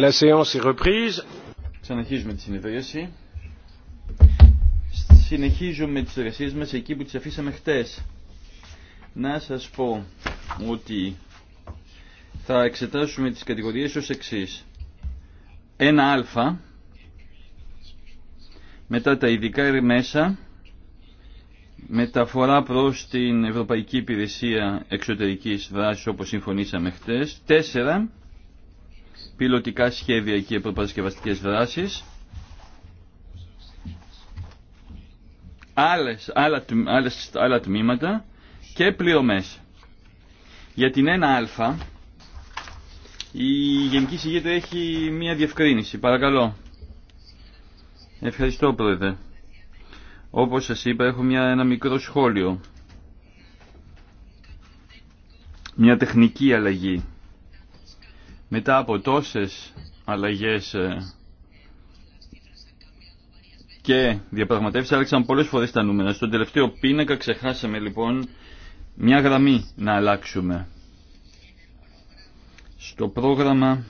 La séance est reprise. Συνεχίζουμε τη συνεδρίαση. Συνεχίζουμε τις εργασίες μας εκεί που τις αφήσαμε χτες. Να σας πω ότι θα εξετάσουμε τις κατηγορίες ως εξης ένα 1α, μετά τα ειδικά μέσα, μεταφορά προς την Ευρωπαϊκή Υπηρεσία Εξωτερικής Δράσης όπως συμφωνήσαμε χτες. τέσσερα πιλωτικά σχέδια και προπαρασκευαστικές δράσεις. Άλλες, άλλα, άλλα τμήματα και πληρωμές. Για την 1α η Γενική Συγγήτρια έχει μία διευκρίνηση. Παρακαλώ. Ευχαριστώ, Πρόεδρε. Όπως σας είπα έχω μια, ένα μικρό σχόλιο. Μια τεχνική αλλαγή μετά από τόσες αλλαγές ε, και διαπραγματεύσεις άλλαξαν πολλές φορές τα νούμερα. Στον τελευταίο πίνακα ξεχάσαμε λοιπόν μια γραμμή να αλλάξουμε. Στο πρόγραμμα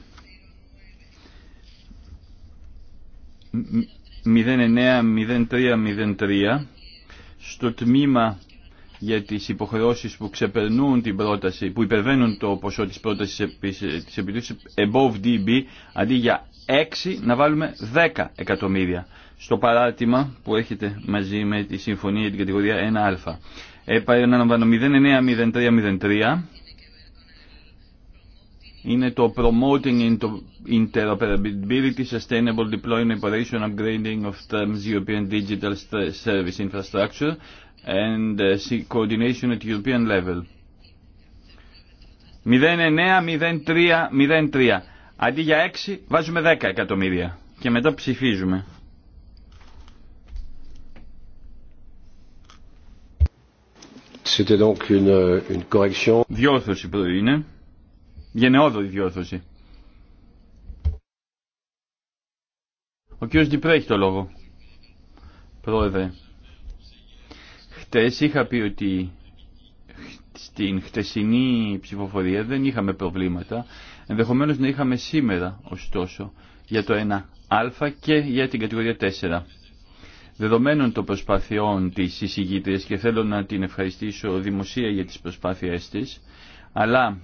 090303 στο τμήμα για τις υποχρεώσεις που ξεπερνούν την πρόταση, που υπερβαίνουν το ποσό της πρότασης της επιτήρησης above DB, αντί για 6 να βάλουμε 10 εκατομμύρια στο παράτημα που έχετε μαζί με τη συμφωνία για την κατηγορία 1α. Επαναλαμβάνω 090303 είναι το Promoting Interoperability Sustainable Deployment Operation Upgrading of Terms European Digital Service Infrastructure and uh, coordination at European level. Αντί για 6 βάζουμε 10 εκατομμύρια και μετά ψηφίζουμε. Donc une, une correction. Διόρθωση είναι. Γενναιόδορη διόρθωση. Ο κύριος Ντιπρέ έχει το λόγο. Πρόεδρε. Χτες είχα πει ότι στην χτεσινή ψηφοφορία δεν είχαμε προβλήματα. Ενδεχομένως να είχαμε σήμερα, ωστόσο, για το 1α και για την κατηγορία 4. Δεδομένων των προσπαθειών της εισηγήτριας και θέλω να την ευχαριστήσω δημοσία για τις προσπάθειές της, αλλά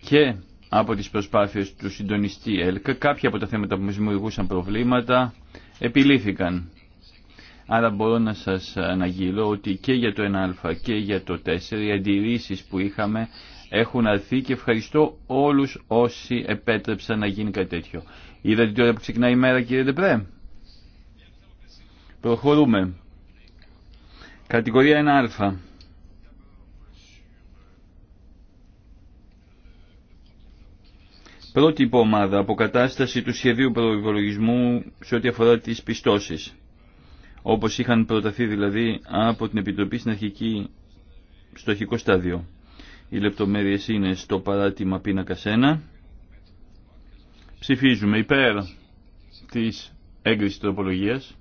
και από τις προσπάθειες του συντονιστή ΕΛΚΑ, κάποια από τα θέματα που μας δημιουργούσαν προβλήματα επιλύθηκαν. Άρα μπορώ να σας αναγγείλω ότι και για το 1α και για το 4 οι αντιρρήσεις που είχαμε έχουν αρθεί και ευχαριστώ όλους όσοι επέτρεψαν να γίνει κάτι τέτοιο. Είδατε τώρα που ξεκινάει η μέρα κύριε Ντεπρέ. Προχωρούμε. Κατηγορία 1α. Πρώτη υπομάδα, αποκατάσταση του σχεδίου προϋπολογισμού σε ό,τι αφορά τις πιστώσεις όπως είχαν προταθεί δηλαδή από την Επιτροπή στην αρχική, στο αρχικό στάδιο. Οι λεπτομέρειες είναι στο παράτημα πίνακα 1. Ψηφίζουμε υπέρ της έγκρισης τροπολογίας.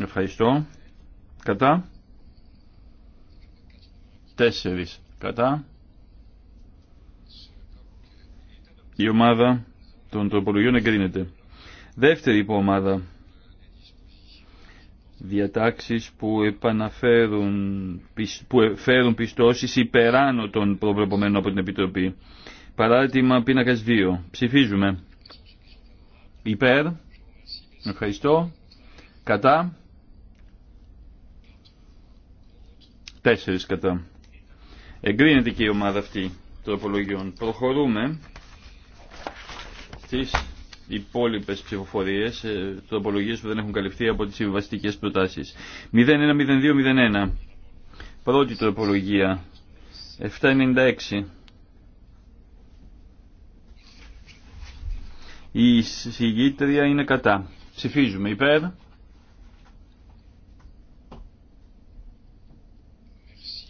Ευχαριστώ. Κατά. Τέσσερις. Κατά. Η ομάδα των τροπολογιών εγκρίνεται. Δεύτερη υποομάδα διατάξεις που επαναφέρουν, που φέρουν πιστώσεις υπεράνω των προβλεπωμένων από την Επιτροπή. Παράδειγμα πίνακας 2. Ψηφίζουμε. Υπέρ. Ευχαριστώ. Κατά. Τέσσερις κατά. Εγκρίνεται και η ομάδα αυτή τροπολογιών. Προχωρούμε στις υπόλοιπε ψηφοφορίε, τροπολογίε που δεν έχουν καλυφθεί από τι συμβαστικέ προτάσει. 010201. Πρώτη τροπολογία. 796. Η συγγήτρια είναι κατά. Ψηφίζουμε υπέρ.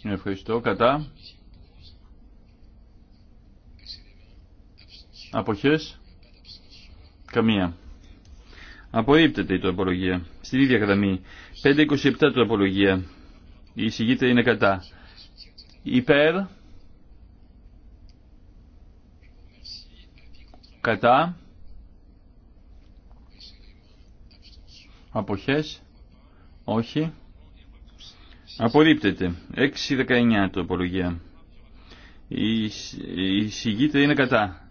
Ευχαριστώ. Κατά. Αποχές. Καμία. Απορρίπτεται η τροπολογία. Στην ίδια γραμμή. 527 τροπολογία. Η εισηγήτρια είναι κατά. Υπέρ. Κατά. Αποχές. Όχι. 619 6-19 τροπολογία. Η εισηγήτρια είναι κατά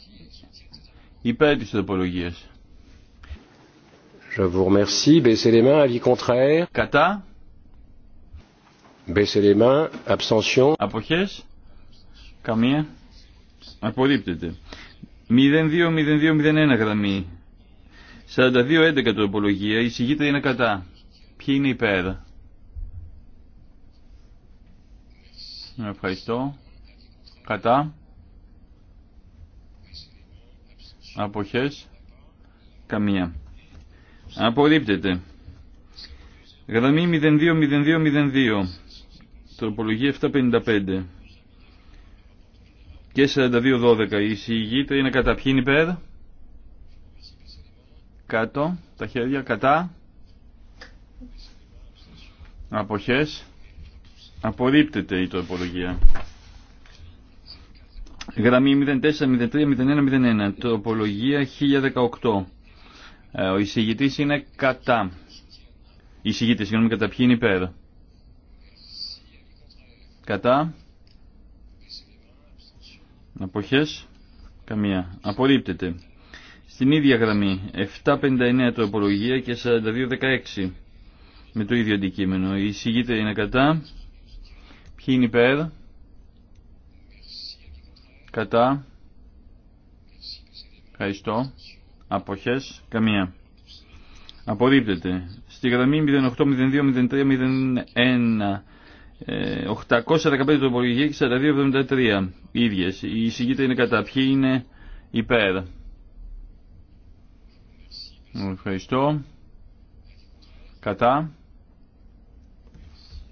υπέρ της τροπολογίας. Je vous remercie. Baissez les mains. Avis contraire. Κατά. Baissez les mains. Abstention. Αποχές. Καμία. Απορρίπτεται. 02-02-01 γραμμή. 42-11 τροπολογία. Η είναι κατά. Ποιοι είναι υπέρ. Ευχαριστώ. Κατά. Αποχές. Καμία. Απορρίπτεται. Γραμμή 020202. Τροπολογία 755. Και 4212. Η εισηγήτρια είναι κατά ποιήν υπέρ. Κάτω. Τα χέρια. Κατά. Αποχές. Απορρίπτεται η τροπολογία. Γραμμή 0403-0101, τροπολογία 1018. Ε, ο εισηγητής είναι κατά. Η εισηγητή, συγγνώμη, κατά ποιοι είναι υπέρ. Κατά. Αποχές. Καμία. Απορρίπτεται. Στην ίδια γραμμή, 759 τροπολογία και 4216. Με το ίδιο αντικείμενο. Η εισηγήτη είναι κατά. Ποιοι είναι υπέρ. Κατά. Ευχαριστώ. Αποχές. Καμία. Απορρίπτεται. Στη γραμμη 02, 0802-03-01 815 τροπολογία και 4273 ίδιες. Η εισηγήτρια είναι κατά. Ποιοι είναι υπέρ. Ευχαριστώ. Κατά.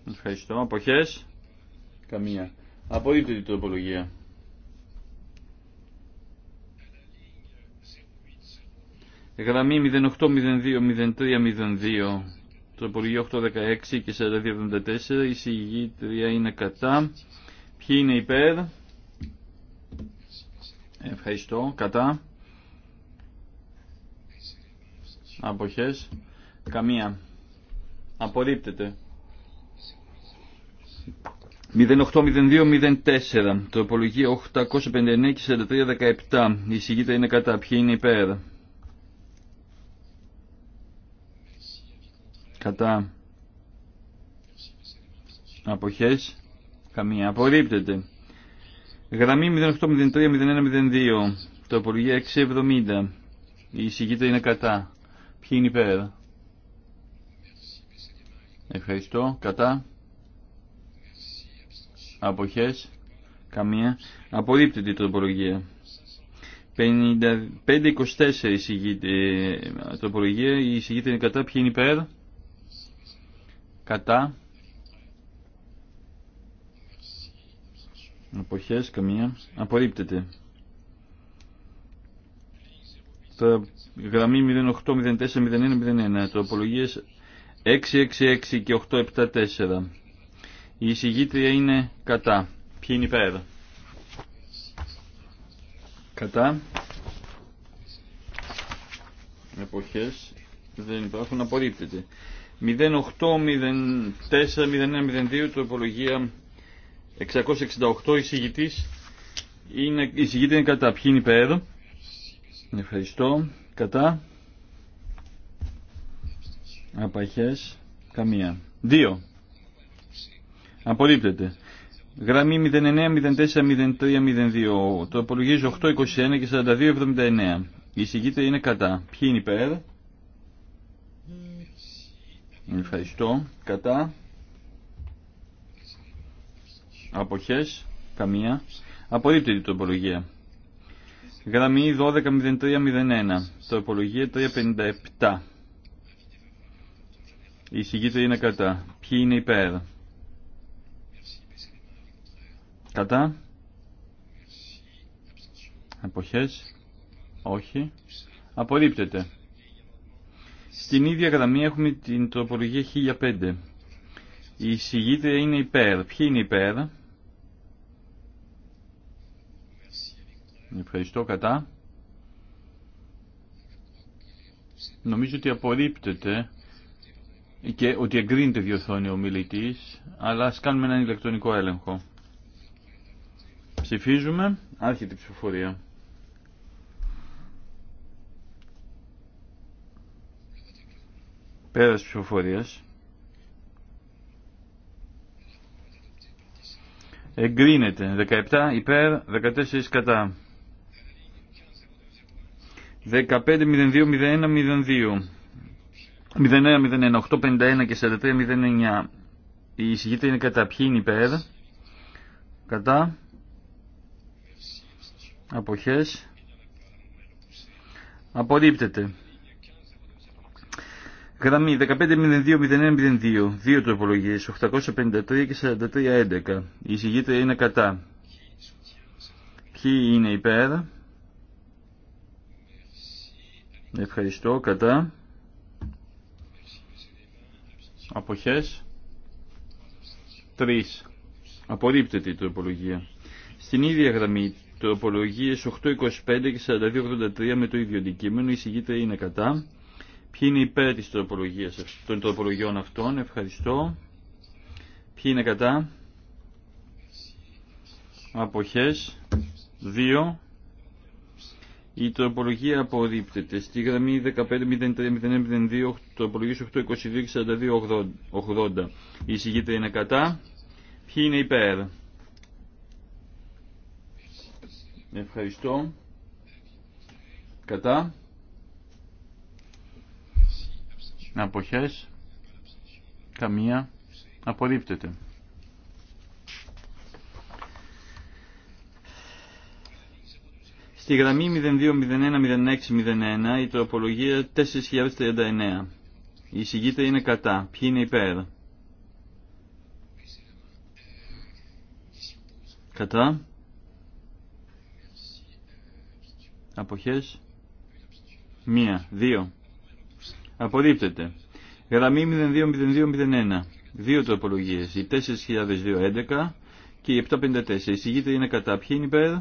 Ευχαριστώ. Αποχές. Καμία. Απορρίπτεται η τροπολογία. Γραμμή 08020302, τροπολογία 816 και 4274, η 3 είναι κατά. Ποιοι είναι υπέρ. Ευχαριστώ. Κατά. Αποχές. Καμία. Απορρίπτεται. απορρίπτεται, Τροπολογία 859 και 4317. Η συγγήτρια είναι κατά. Ποιοι είναι υπέρ. κατά αποχές καμία απορρίπτεται γραμμή 0803-0102 το απολογία 670 η εισηγήτρια είναι κατά ποιοι είναι υπέρ ευχαριστώ κατά αποχές καμία απορρίπτεται η τροπολογια 5524 55-24 η τοπολογία η εισηγήτρια είναι κατά ποιοι είναι υπέρ κατά εποχές καμία απορρίπτεται το γραμμή 08040101 τροπολογίες 666 και 874 η εισηγήτρια είναι κατά ποιοι είναι υπέρ κατά εποχές δεν υπάρχουν απορρίπτεται 08-04-01-02 668 εισηγητής είναι, εισηγητή είναι κατά ποιοι είναι υπέρ ευχαριστώ κατά απαχές καμία 2 απορρίπτεται 09040302 04 το 02 821 και 4279. Η είναι κατά ποιοι είναι υπέρ Ευχαριστώ. Κατά. Αποχές. Καμία. Απορρίπτεται η τροπολογία. Γραμμή 12.03.01. Τροπολογία 3.57. Η συγκίτρια είναι κατά. Ποιοι είναι υπέρ. Κατά. Αποχές. Όχι. Απορρίπτεται. Στην ίδια γραμμή έχουμε την τροπολογία 1005. Η συγγήτρια είναι υπέρ. Ποιοι είναι υπέρ? Ευχαριστώ κατά. Νομίζω ότι απορρίπτεται και ότι εγκρίνεται διορθώνει ο μιλητής, αλλά ας κάνουμε έναν ηλεκτρονικό έλεγχο. Ψηφίζουμε, άρχεται η ψηφοφορία. πέρα στις εγκρίνεται 17 υπέρ 14 κατά 02 01 8 51 και 43-09 η εισηγήτρια είναι κατά ποιοι είναι υπέρ κατά αποχές απορρίπτεται Γραμμή 15.02.01.02. Δύο τροπολογίες, 853 και 43.11. Η εισηγήτρια είναι κατά. Ποιοι είναι υπέρ. Ευχαριστώ. Κατά. Αποχές. Τρεις. Απορρίπτεται η τροπολογία. Στην ίδια γραμμή τροπολογίες 825 και 4283 με το ίδιο αντικείμενο εισηγείται είναι κατά. Ποιοι είναι υπέρ της τροπολογίας, των τροπολογιών αυτών. Ευχαριστώ. Ποιοι είναι κατά. Αποχές. Δύο. Η τροπολογία απορρίπτεται. Στη γραμμή 15.03.02 τροπολογίες 8.22.42.80. Η εισηγήτρια είναι κατά. Ποιοι είναι υπέρ. Ευχαριστώ. Κατά. αποχές καμία απορρίπτεται. Στη γραμμή 02010601 η τροπολογία 4039. Η εισηγήτρια είναι κατά. Ποιοι είναι υπέρ. Κατά. Αποχές. Μία. Δύο. Απορρίπτεται. Γραμμή 020201. Δύο τροπολογίε. Η 4211 και η 754. Η συγκίτρια είναι κατά. Ποιοι είναι υπέρ.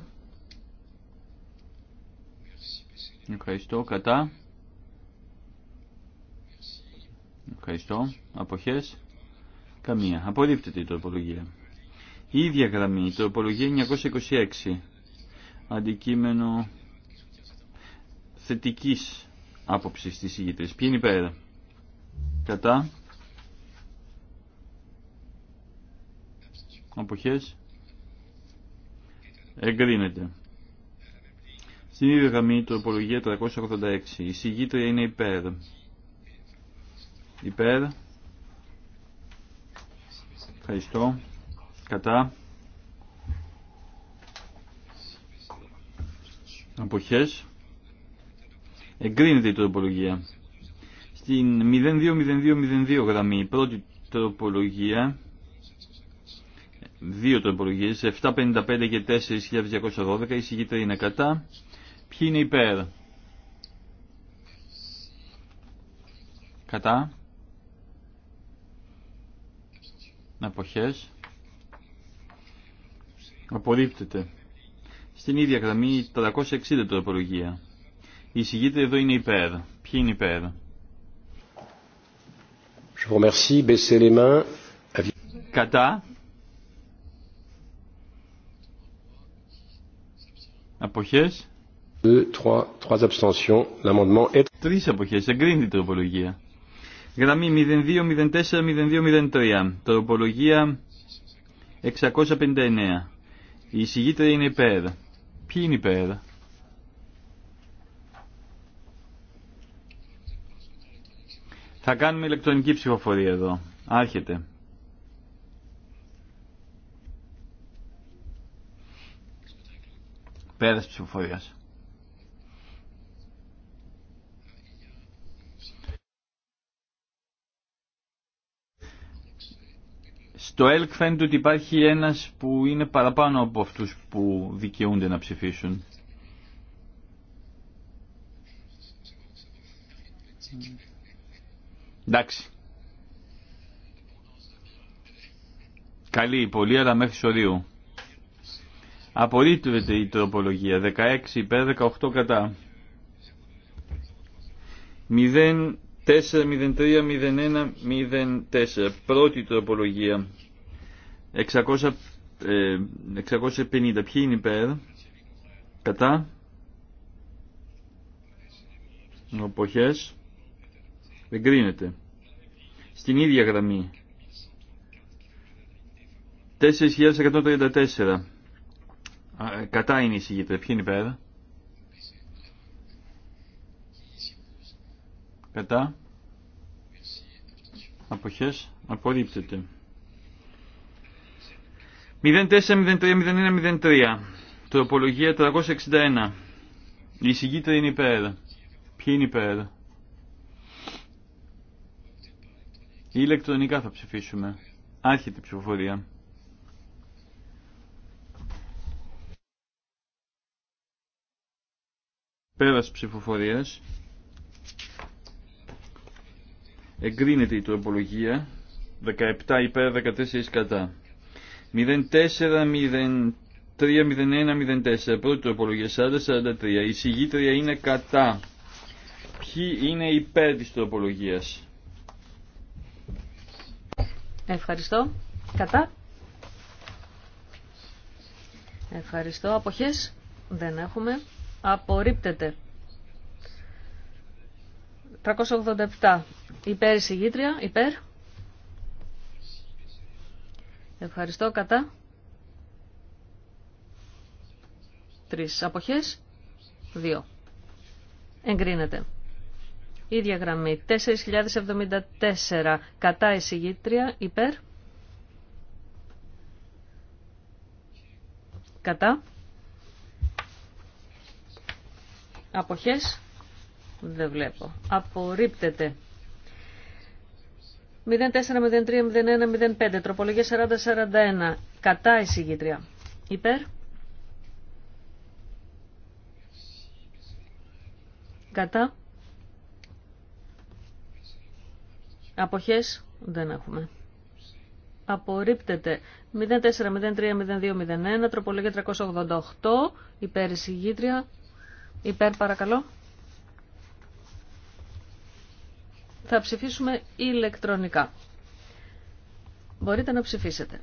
Ευχαριστώ. Κατά. Ευχαριστώ. αποχέ. Καμία. Απορρίπτεται η τροπολογία. Η ίδια γραμμή, η τροπολογία 926. Αντικείμενο θετικής Αποψη της ηγητής. Ποιοι είναι υπέρ. Κατά. Αποχές. Εγκρίνεται. Στην ίδια γραμμή τροπολογία 386. Η συγγήτρια είναι υπέρ. Υπέρ. Ευχαριστώ. Κατά. Αποχές. Εγκρίνεται η τροπολογία. Στην 020202 γραμμή, η πρώτη τροπολογία, δύο τροπολογίες, 755 και 4212, η συγκίτρια είναι κατά. Ποιοι είναι υπέρ. Κατά. Αποχές. Απορρίπτεται. Στην ίδια γραμμή 360 τροπολογία. Η εισηγήτρια εδώ είναι υπέρ. Ποιοι είναι υπέρ. Κατά. Αποχές. Τρει αποχέ. trois abstentions. L'amendement est... Τρεις αποχές. Εγκρίνει η τροπολογία. Γραμμή 0204-0203. Τροπολογία 659. Η εισηγήτρια είναι υπέρ. Ποιοι είναι υπέρ. Θα κάνουμε ηλεκτρονική ψηφοφορία εδώ. Άρχεται. Πέρας ψηφοφορίας. Στο ΕΛΚ φαίνεται ότι υπάρχει ένας που είναι παραπάνω από αυτούς που δικαιούνται να ψηφίσουν. Εντάξει. Καλή η πολύ, αλλά μέχρι σωρίου. Απορρίπτεται η τροπολογία. 16 υπέρ, 18 κατά. 04, 03, 01, 04. Πρώτη τροπολογία. 650. Ε, Ποιοι είναι υπέρ. Κατά. Οποχές. Εγκρίνεται. Στην ίδια γραμμή. 4.134. Ε, κατά είναι η συγκήτρια. Ποιοι ειναι πέρα υπέρ. Κατά. Αποχές. 03 04-03-01-03. Τροπολογία 361. Η συγκήτρια είναι υπέρ. Ποιοι είναι υπέρ. Ή ηλεκτρονικά θα ψηφίσουμε. Άρχεται η Ηλεκτρονικά θα ψηφίσουμε. Άρχεται η ψηφοφορία. Πέρας ψηφοφορία. Εγκρίνεται η τροπολογία. 17 υπέρ, 14 κατά. 04, 03-01-04. Πρώτη τροπολογία 40-43. Η συγγήτρια είναι κατά. Ποιοι είναι υπέρ της τροπολογίας. Ευχαριστώ. Κατά. Ευχαριστώ. Αποχές δεν έχουμε. Απορρίπτεται. 387. Υπέρ εισηγήτρια. Υπέρ. Ευχαριστώ. Κατά. Τρεις. Αποχές. Δύο. Εγκρίνεται. Ίδια γραμμή. 4.074 κατά εισηγήτρια υπέρ. Κατά. Αποχές. Δεν βλέπω. Απορρίπτεται. 0403-0105. Τροπολογία 4041. Κατά εισηγήτρια. Υπέρ. Κατά. Αποχές δεν έχουμε. Απορρίπτεται 0403-0201, τροπολογία 388, υπέρ εισηγήτρια. Υπέρ παρακαλώ. Θα ψηφίσουμε ηλεκτρονικά. Μπορείτε να ψηφίσετε.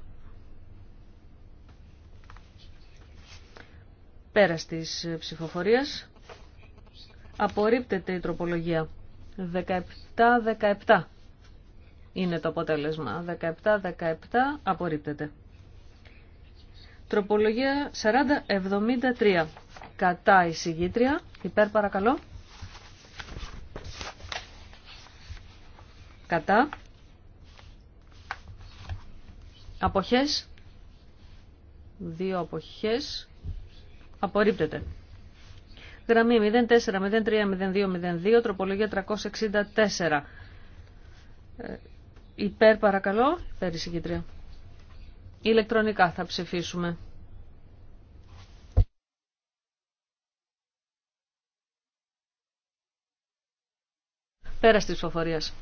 Πέρας της ψηφοφορίας απορρίπτεται η τροπολογία 17-17 είναι το αποτέλεσμα. 17-17 απορρίπτεται. Τροπολογία 40-73. Κατά εισηγήτρια. Υπέρ παρακαλώ. Κατά. Αποχές. Δύο αποχές. Απορρίπτεται. Γραμμή 04-03-02-02, τροπολογία 364. Υπέρ παρακαλώ, υπέρ η Ηλεκτρονικά θα ψηφίσουμε. Πέρα της ψηφοφορίας.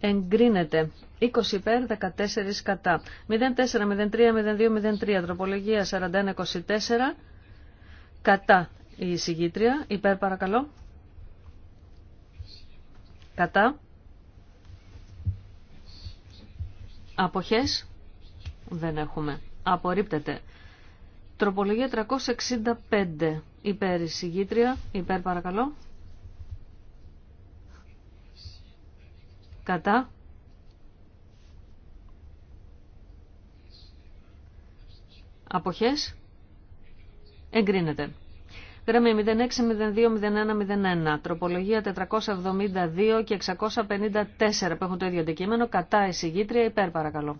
Εγκρίνεται. 20 υπέρ, 14 κατά. 04, 03, 02, 03. Τροπολογία 41, Κατά η συγκήτρια. Υπέρ παρακαλώ. Κατά. Αποχές δεν έχουμε. Απορρίπτεται. Τροπολογία 365. Υπέρ συγγήτρια. Υπέρ παρακαλώ. Κατά. Αποχές. Εγκρίνεται. Γραμμή 06 06-02-01-01, 01 τροπολογία 472 και 654 που έχουν το ίδιο αντικείμενο, κατά εισηγήτρια, υπέρ παρακαλώ.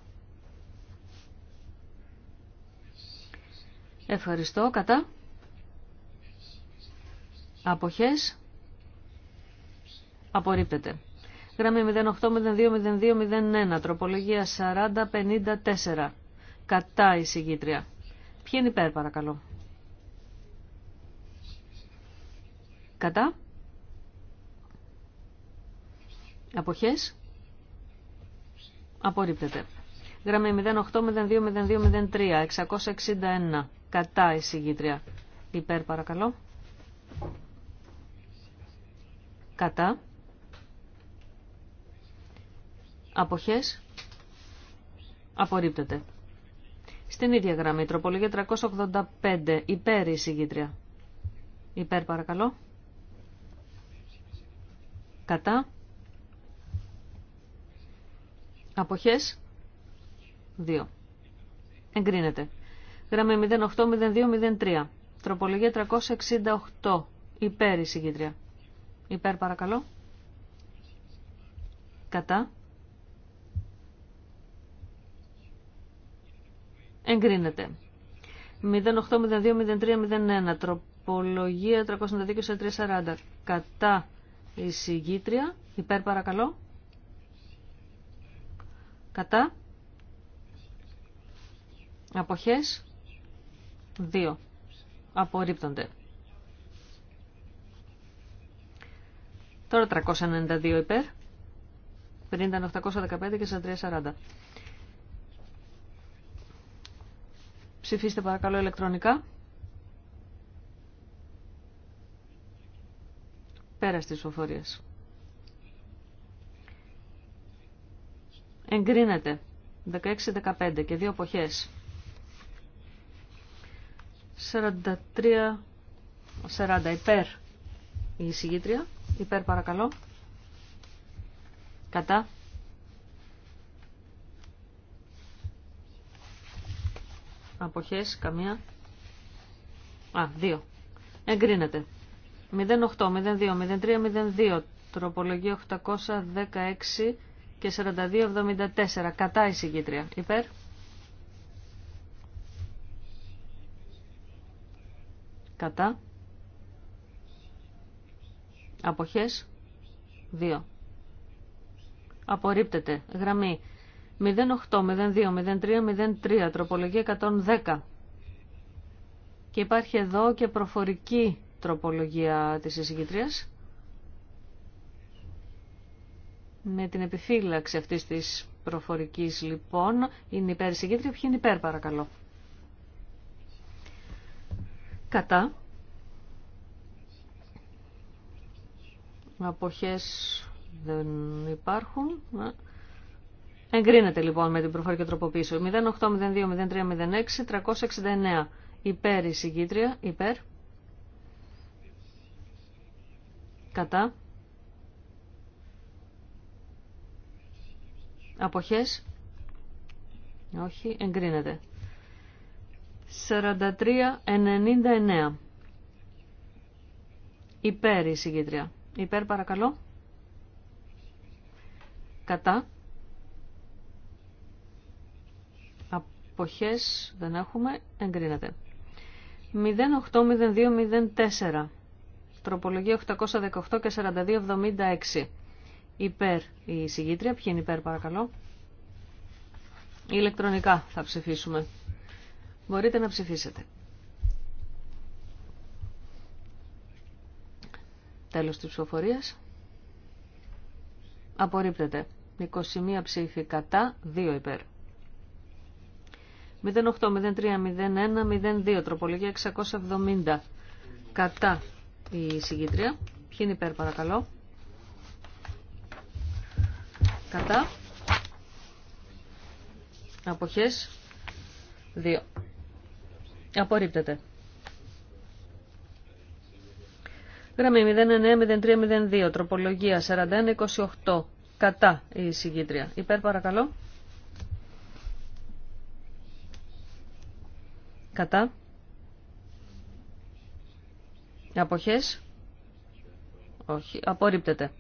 Ευχαριστώ, κατά. Αποχές. Απορρίπτεται. Γραμμή 08 Απορρίπτεται. 08-02-02-01, τροπολογία 40 40-54, κατά εισηγήτρια. Ποιοι είναι υπέρ παρακαλώ. Κατά. Αποχές. Απορρίπτεται. Γραμμή 08-02-02-03, 661. Κατά εισηγήτρια. Υπέρ παρακαλώ. Κατά. Αποχές. Απορρίπτεται. Στην ίδια γραμμή, τροπολογία 385, υπέρ εισηγήτρια. Υπέρ παρακαλώ κατά, αποχές, 2. Εγκρίνεται. Γραμμή 080203. Τροπολογία 368. Υπέρ η συγκίτρια. Υπέρ παρακαλώ. Κατά. Εγκρίνεται. 08020301. Τροπολογία 392 340. Κατά η συγκίτρια. Υπέρ παρακαλώ. Κατά. Αποχές. δύο Απορρίπτονται. Τώρα 392 υπέρ. Πριν ήταν 815 και 4340. Ψηφίστε παρακαλώ ηλεκτρονικά. Πέρα στις εγκρινεται Εγκρίνεται. 16-15 και δύο εποχές. 43-40 υπέρ η εισηγήτρια. Υπέρ παρακαλώ. Κατά. Αποχές καμία. Α, δύο. Εγκρίνεται. 08, 02, 03, 02, τροπολογία 816 και 4274. Κατά η εισηγήτρια. Υπέρ. Κατά. Αποχές. 2. Απορρίπτεται. Γραμμή 08-02-03-03. Τροπολογία 110. Και υπάρχει εδώ και προφορική τροπολογία της εισηγητρίας. Με την επιφύλαξη αυτής της προφορικής λοιπόν είναι υπέρ εισηγήτρια. Ποιοι είναι υπέρ παρακαλώ. Κατά. Αποχές δεν υπάρχουν. Εγκρίνεται λοιπόν με την προφορική τροποποίηση. 08, 02, 03, 06, 369. Υπέρ εισηγήτρια. Υπέρ. κατά αποχές όχι εγκρίνεται 43.99 υπέρ η υπέρ παρακαλώ κατά αποχές δεν έχουμε εγκρίνεται 080204 Τροπολογία 818 και 4276. Υπέρ η συγγήτρια. Ποιοι είναι υπέρ παρακαλώ. Ηλεκτρονικά θα ψηφίσουμε. Μπορείτε να ψηφίσετε. Τέλος της ψηφοφορίας. Απορρίπτεται. 21 ψήφοι κατά, 2 υπέρ. 08, 03, 01, 02, τροπολογία 670. Κατά η συγκίτρια. Ποιοι είναι υπέρ παρακαλώ. Κατά. Αποχές. Δύο. Απορρίπτεται. Γραμμή 090302. Τροπολογία 4128. Κατά η συγκίτρια. Υπέρ παρακαλώ. Κατά. Αποχές. Όχι. Απορρίπτεται.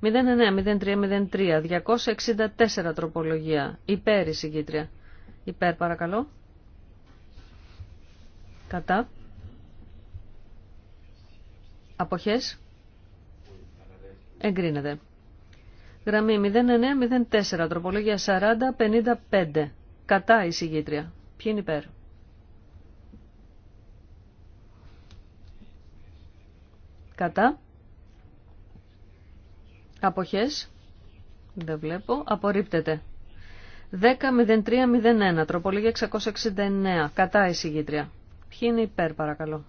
09-03-03. 264 τροπολογία. Υπέρ η συγκήτρια. Υπέρ παρακαλώ. Κατά. Αποχές. Εγκρίνεται. Γραμμή Γραμμή τροπολογία 40-55. Κατά η συγκήτρια. Ποιοι είναι υπέρ. Κατά. Αποχές. Δεν βλέπω. Απορρίπτεται. 10.03.01. Τροπολογία 669. Κατά εισηγήτρια. Ποιοι είναι υπέρ παρακαλώ.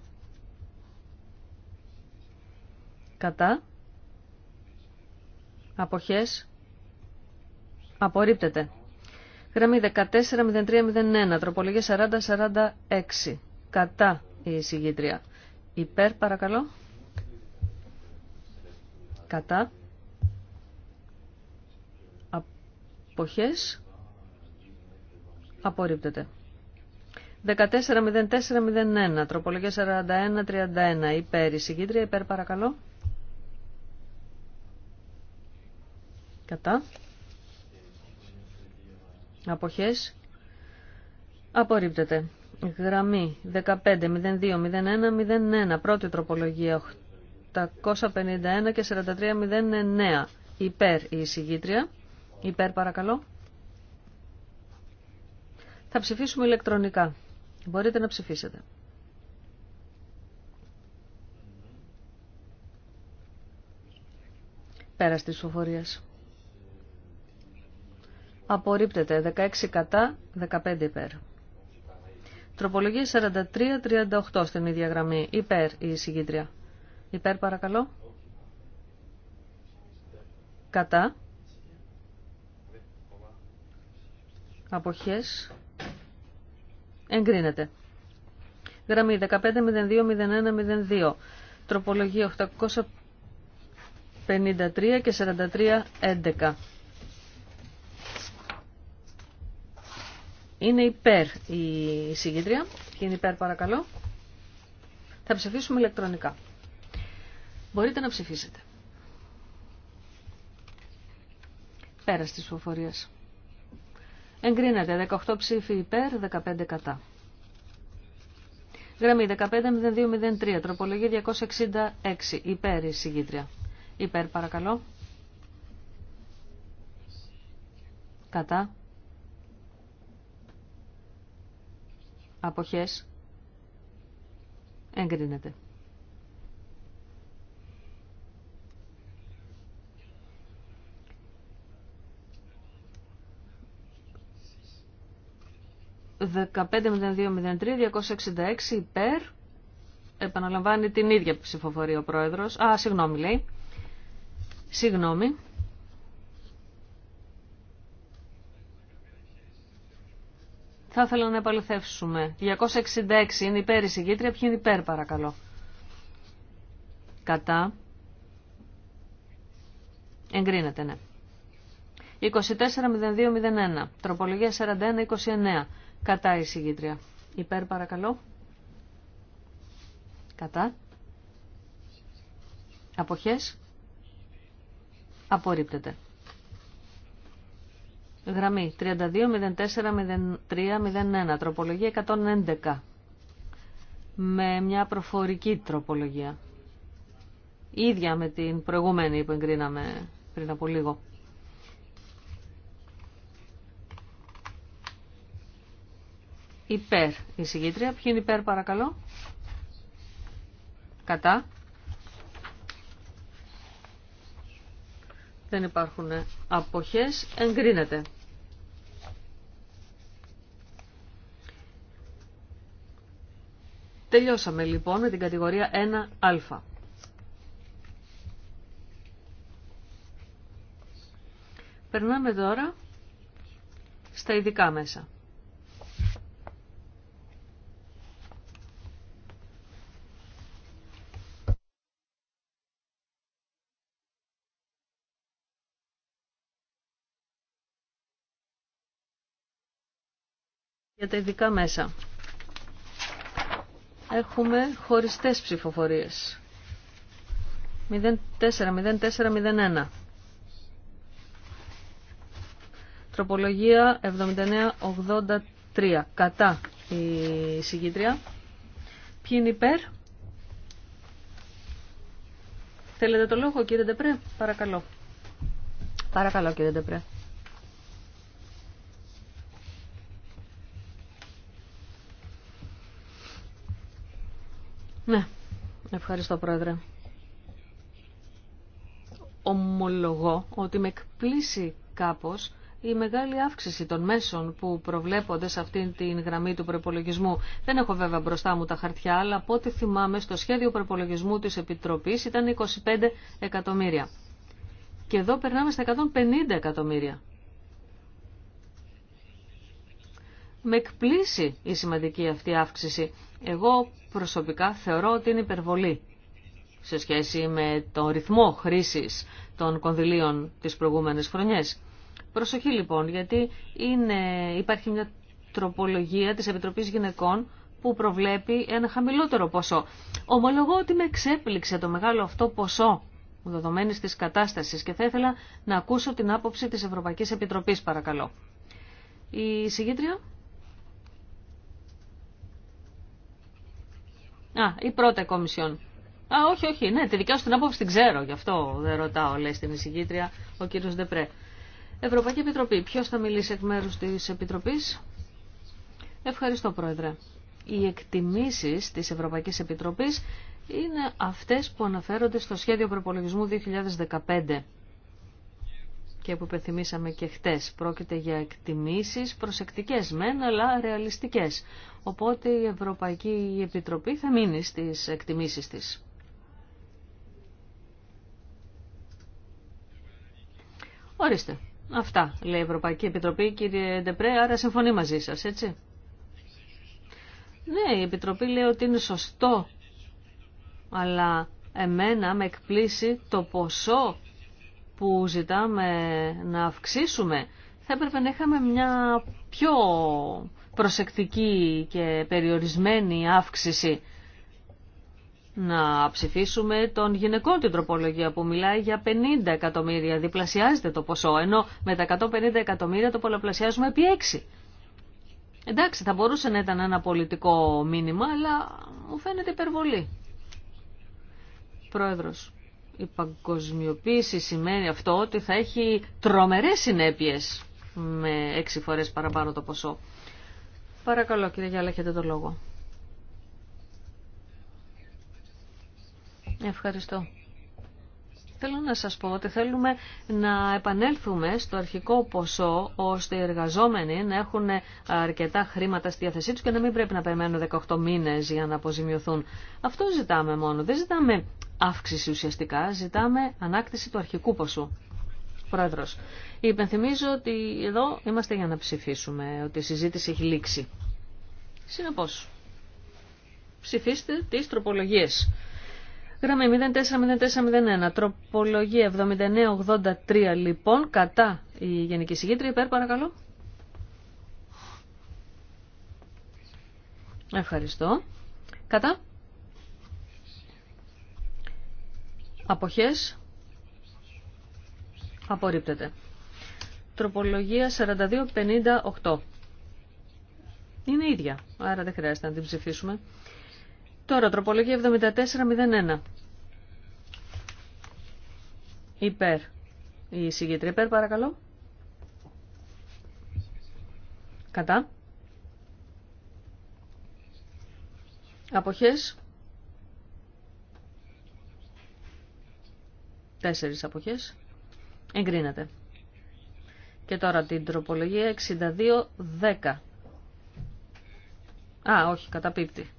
Κατά. Αποχές. Απορρίπτεται. Γραμμή 14.03.01. Τροπολογία 40.46. Κατά η εισηγήτρια. Υπέρ παρακαλώ κατά αποχές απορρίπτεται. 14.04.01, τροπολογία 41.31, υπέρ, εισηγήτρια, υπέρ παρακαλώ. Κατά. Αποχές. Απορρίπτεται. Γραμμή 15.02.01.01, πρώτη τροπολογία 851 και 4309. Υπέρ η εισηγήτρια. Υπέρ παρακαλώ. Θα ψηφίσουμε ηλεκτρονικά. Μπορείτε να ψηφίσετε. Πέρας της ψηφοφορίας. Απορρίπτεται 16 κατά, 15 υπέρ. Τροπολογία 43-38 στην ίδια γραμμή. Υπέρ η εισηγήτρια. Υπέρ παρακαλώ. Κατά. Αποχές. Εγκρίνεται. Γραμμή 15.02.01.02. Τροπολογία 853 και 43.11. Είναι υπέρ η συγκεντρία είναι υπέρ παρακαλώ. Θα ψηφίσουμε ηλεκτρονικά. Μπορείτε να ψηφίσετε. Πέρα της ψηφοφορίας. Εγκρίνεται 18 ψήφοι υπέρ, 15 κατά. Γραμμή 150203, τροπολογία 266, υπέρ η συγκήτρια. Υπέρ παρακαλώ. Κατά. Αποχές. Εγκρίνεται. 15.02.03.266 υπέρ. Επαναλαμβάνει την ίδια ψηφοφορία ο πρόεδρος. Α, συγγνώμη λέει. Συγγνώμη. Θα ήθελα να επαληθεύσουμε. 266 είναι υπέρ η συγκήτρια. Ποιοι είναι υπέρ παρακαλώ. Κατά. Εγκρίνεται, ναι. 24.02.01. Τροπολογία 41.29. Κατά η υπερ Υπέρ παρακαλώ. Κατά. Αποχές. 32040301. Τροπολογία 111. Με μια προφορική τροπολογία. Ίδια με την προηγούμενη που εγκρίναμε πριν από λίγο. υπέρ η συγκήτρια. Ποιοι είναι υπέρ παρακαλώ. Κατά. Δεν υπάρχουν αποχές. Εγκρίνεται. Τελειώσαμε λοιπόν με την κατηγορία 1α. Περνάμε τώρα στα ειδικά μέσα. για τα ειδικά μέσα. Έχουμε χωριστές Τροπολογία 79-83. Κατά η συγκίτρια. Ποιοι είναι υπέρ. Θέλετε το λόγο κύριε Ντεπρέ. Παρακαλώ. Παρακαλώ κύριε Ντεπρέ. Ναι, ευχαριστώ πρόεδρε. Ομολογώ ότι με εκπλήσει κάπως η μεγάλη αύξηση των μέσων που προβλέπονται σε αυτήν την γραμμή του προπολογισμού. Δεν έχω βέβαια μπροστά μου τα χαρτιά, αλλά από ό,τι θυμάμαι στο σχέδιο προπολογισμού της Επιτροπής ήταν 25 εκατομμύρια. Και εδώ περνάμε στα 150 εκατομμύρια. Με εκπλήσει η σημαντική αυτή αύξηση εγώ προσωπικά θεωρώ ότι είναι υπερβολή σε σχέση με τον ρυθμό χρήσης των κονδυλίων τις προηγούμενες χρονιές. Προσοχή λοιπόν, γιατί είναι, υπάρχει μια τροπολογία της Επιτροπής Γυναικών που προβλέπει ένα χαμηλότερο ποσό. Ομολογώ ότι με εξέπληξε το μεγάλο αυτό ποσό δεδομένης της κατάστασης και θα ήθελα να ακούσω την άποψη της Ευρωπαϊκής Επιτροπής παρακαλώ. Η συγγήτρια. Α, η πρώτη κομισιόν. Α, όχι, όχι, ναι, τη δικιά σου την άποψη την ξέρω, γι' αυτό δεν ρωτάω, λέει στην εισηγήτρια ο κύριος Δεπρέ. Ευρωπαϊκή Επιτροπή, ποιο θα μιλήσει εκ μέρου της Επιτροπής. Ευχαριστώ, Πρόεδρε. Οι εκτιμήσει της Ευρωπαϊκής Επιτροπής είναι αυτές που αναφέρονται στο σχέδιο προπολογισμού 2015 και που υπενθυμίσαμε και χτες. Πρόκειται για εκτιμήσεις προσεκτικές μεν, αλλά ρεαλιστικές. Οπότε η Ευρωπαϊκή Επιτροπή θα μείνει στις εκτιμήσεις της. Ορίστε. Αυτά λέει η Ευρωπαϊκή Επιτροπή, κύριε Ντεπρέ, άρα συμφωνεί μαζί σας, έτσι. Ναι, η Επιτροπή λέει ότι είναι σωστό, αλλά εμένα με εκπλήσει το ποσό που ζητάμε να αυξήσουμε, θα έπρεπε να είχαμε μια πιο προσεκτική και περιορισμένη αύξηση. Να ψηφίσουμε τον γυναικών την τροπολογία που μιλάει για 50 εκατομμύρια, διπλασιάζεται το ποσό, ενώ με τα 150 εκατομμύρια το πολλαπλασιάζουμε επί 6. Εντάξει, θα μπορούσε να ήταν ένα πολιτικό μήνυμα, αλλά μου φαίνεται υπερβολή. Πρόεδρος η παγκοσμιοποίηση σημαίνει αυτό ότι θα έχει τρομερές συνέπειες με έξι φορές παραπάνω το ποσό. Παρακαλώ κύριε Γιάλα, έχετε το λόγο. Ευχαριστώ. Θέλω να σας πω ότι θέλουμε να επανέλθουμε στο αρχικό ποσό ώστε οι εργαζόμενοι να έχουν αρκετά χρήματα στη διάθεσή τους και να μην πρέπει να περιμένουν 18 μήνες για να αποζημιωθούν. Αυτό ζητάμε μόνο. Δεν ζητάμε αύξηση ουσιαστικά, ζητάμε ανάκτηση του αρχικού ποσού. Πρόεδρος, υπενθυμίζω ότι εδώ είμαστε για να ψηφίσουμε, ότι η συζήτηση έχει λήξει. Συνεπώ. ψηφίστε τις τροπολογίες. Γραμμή 040401, τροπολογία 7983 λοιπόν, κατά η Γενική Συγήτρια, υπέρ παρακαλώ. Ευχαριστώ. Κατά. Αποχές. Απορρίπτεται. Τροπολογία 4258. Είναι ίδια, άρα δεν χρειάζεται να την ψηφίσουμε. Τώρα, τροπολογία 7401. Υπέρ. Η συγκεντρία υπέρ, παρακαλώ. Κατά. Αποχές. Τέσσερις αποχές. Εγκρίνεται. Και τώρα την τροπολογία 62-10. Α, όχι, καταπίπτει.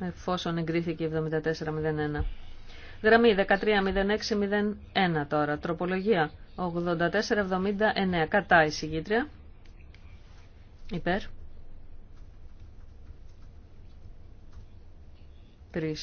Εφόσον εγκρίθηκε 74-01. Γραμμή 13-06-01 τώρα. Τροπολογία 84-79. Κατά η συγκήτρια. Υπέρ. Τρεις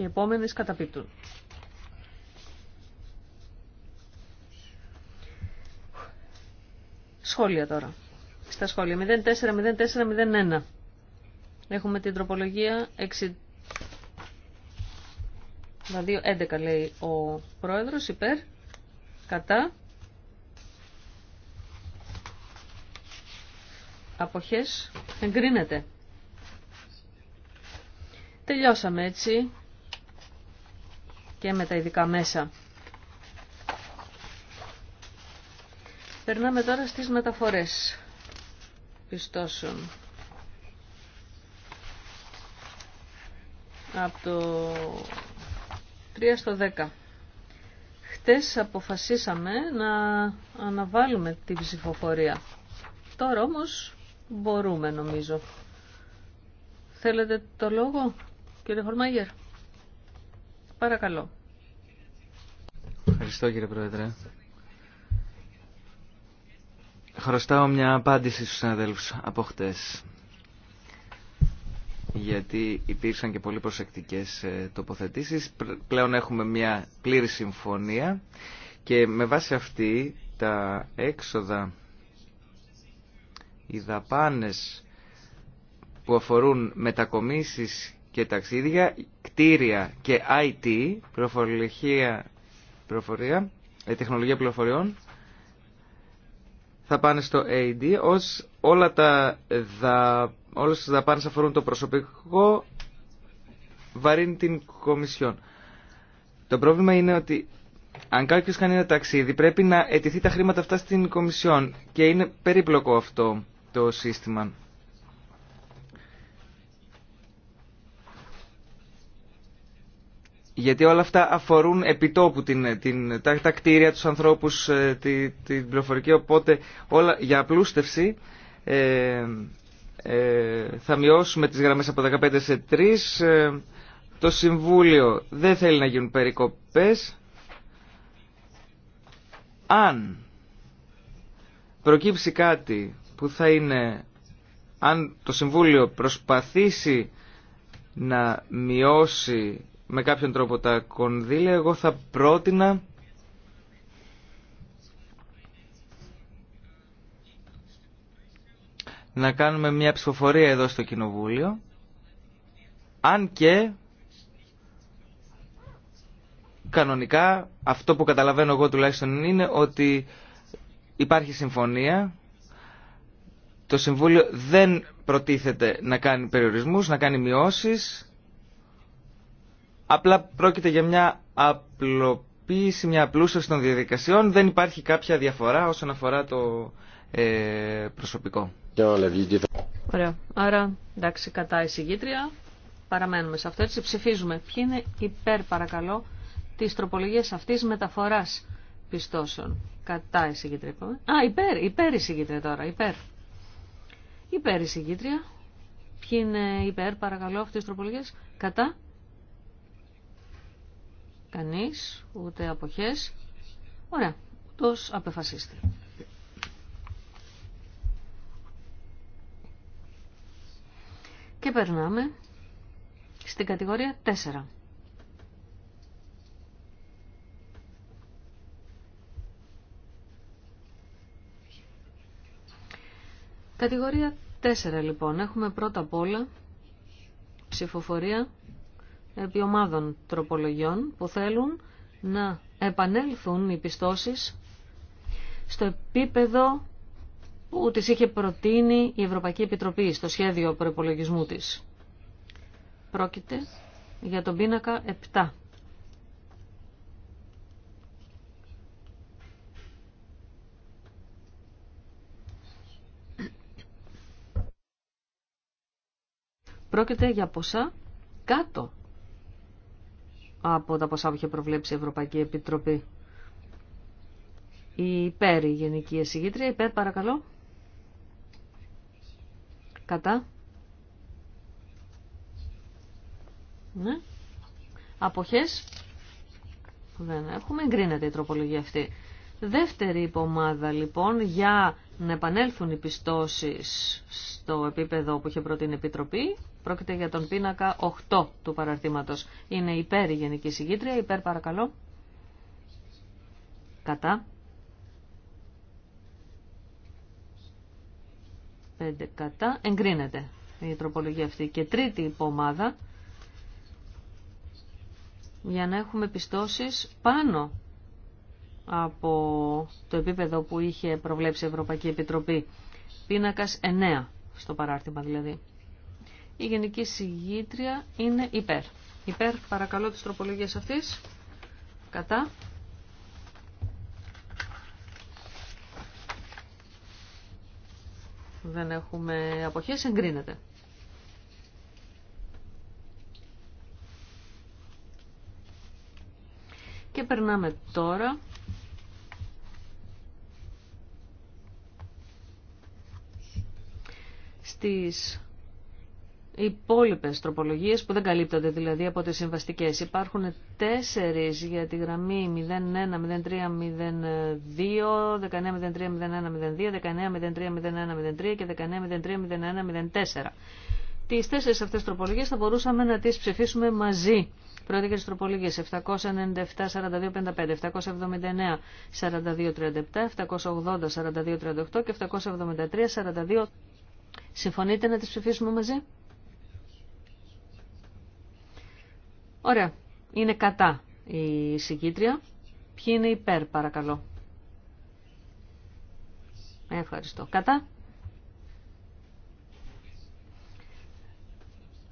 και οι επόμενες καταπίπτουν. Σχόλια τώρα. Στα σχόλια 040401. Έχουμε την τροπολογία 6... Δηλαδή 11 λέει ο πρόεδρος υπέρ, κατά, αποχές, εγκρίνεται. Τελειώσαμε έτσι και με τα ειδικά μέσα. Περνάμε τώρα στις μεταφορές πιστώσεων. Από το 3 στο 10. Χτες αποφασίσαμε να αναβάλουμε τη ψηφοφορία. Τώρα όμως μπορούμε νομίζω. Θέλετε το λόγο, κύριε Χορμάγερ. Παρακαλώ. Ευχαριστώ κύριε Πρόεδρε. Χρωστάω μια απάντηση στους συναδέλφους από χτες. Γιατί υπήρξαν και πολύ προσεκτικές ε, τοποθετήσεις. Πλέον έχουμε μια πλήρη συμφωνία και με βάση αυτή τα έξοδα, οι δαπάνες που αφορούν μετακομίσεις και ταξίδια, κτίρια και IT, πληροφορία, Ε τεχνολογία πληροφοριών, θα πάνε στο AD, ως όλα τα δα, όλες τις δαπάνες αφορούν το προσωπικό, βαρύνει την Κομισιόν. Το πρόβλημα είναι ότι αν κάποιος κάνει ένα ταξίδι πρέπει να αιτηθεί τα χρήματα αυτά στην Κομισιόν και είναι περίπλοκο αυτό το σύστημα. γιατί όλα αυτά αφορούν επιτόπου την, την, τα, τα κτίρια, τους ανθρώπους, ε, τη, την πληροφορική, οπότε όλα, για απλούστευση ε, ε θα μειώσουμε τις γραμμές από 15 σε 3. Ε, το Συμβούλιο δεν θέλει να γίνουν περικοπές. Αν προκύψει κάτι που θα είναι, αν το Συμβούλιο προσπαθήσει να μειώσει με κάποιον τρόπο τα κονδύλια, εγώ θα πρότεινα να κάνουμε μια ψηφοφορία εδώ στο Κοινοβούλιο, αν και κανονικά αυτό που καταλαβαίνω εγώ τουλάχιστον είναι ότι υπάρχει συμφωνία, το Συμβούλιο δεν προτίθεται να κάνει περιορισμούς, να κάνει μειώσεις, Απλά πρόκειται για μια απλοποίηση, μια απλούσταση των διαδικασιών. Δεν υπάρχει κάποια διαφορά όσον αφορά το ε, προσωπικό. Ωραία. Άρα, εντάξει, κατά εισηγήτρια. Παραμένουμε σε αυτό. Έτσι ψηφίζουμε. Ποιοι είναι υπέρ, παρακαλώ, τη τροπολογία αυτή μεταφορά πιστώσεων. Κατά εισηγήτρια, είπαμε. Α, υπέρ, υπέρ εισηγήτρια τώρα. Υπέρ. Υπέρ εισηγήτρια. Ποιοι είναι υπέρ, παρακαλώ, αυτή τη τροπολογία. Κατά. Κανείς, ούτε αποχές. Ωραία, τους απεφασίστε. Και περνάμε στην κατηγορία 4. Κατηγορία 4 λοιπόν. Έχουμε πρώτα απ' όλα ψηφοφορία επί ομάδων τροπολογιών που θέλουν να επανέλθουν οι πιστώσεις στο επίπεδο που τις είχε προτείνει η Ευρωπαϊκή Επιτροπή στο σχέδιο προπολογισμού της. Πρόκειται για τον πίνακα 7. Πρόκειται για ποσά κάτω από τα ποσά που είχε προβλέψει η Ευρωπαϊκή Επιτροπή. Η υπέρ η Γενική Εισηγήτρια. Υπέρ παρακαλώ. Κατά. Ναι. Αποχές. Δεν έχουμε. Εγκρίνεται η τροπολογία αυτή. Δεύτερη υπομάδα λοιπόν για να επανέλθουν οι πιστώσεις στο επίπεδο που είχε προτείνει η Επιτροπή Πρόκειται για τον πίνακα 8 του παραρτήματος. Είναι υπέρ η Γενική Συγκήτρια. Υπέρ παρακαλώ. Κατά. 5 κατά. Εγκρίνεται η τροπολογία αυτή. Και τρίτη υπομάδα για να έχουμε πιστώσεις πάνω από το επίπεδο που είχε προβλέψει η Ευρωπαϊκή Επιτροπή. Πίνακας 9 στο παράρτημα δηλαδή. Η Γενική Συγγήτρια είναι υπέρ. Υπέρ, παρακαλώ, της τροπολογίες αυτής. Κατά. Δεν έχουμε αποχές, εγκρίνεται. Και περνάμε τώρα στις υπόλοιπε τροπολογίε που δεν καλύπτονται δηλαδή από τι συμβαστικέ. Υπάρχουν τέσσερι για τη γραμμή 01-03-02, 19-03-01-02, 19-03-01-03 και 19-03-01-04. Τις τέσσερις αυτέ τροπολογίε θα μπορούσαμε να τι ψηφίσουμε μαζί. Πρόκειται για τροπολογίε 797-42-55, 779-42-37, 780-42-38 και 773-42. Συμφωνείτε να τις ψηφίσουμε μαζί? Ωραία. Είναι κατά η συγκίτρια. Ποιοι είναι υπέρ παρακαλώ. Ευχαριστώ. Κατά.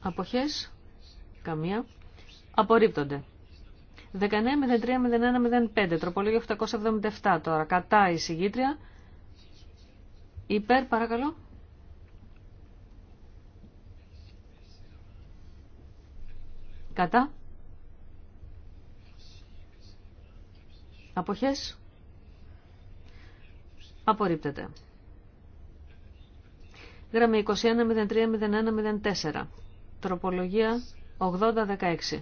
Αποχές. Καμία. Απορρίπτονται. 19.03.01.05. Τροπολίγιο 877 τώρα. Κατά η συγκίτρια. Υπέρ παρακαλώ. Κατά. Αποχές. Απορρίπτεται. Γραμμή 21.03.01.04. Τροπολογία 80.16.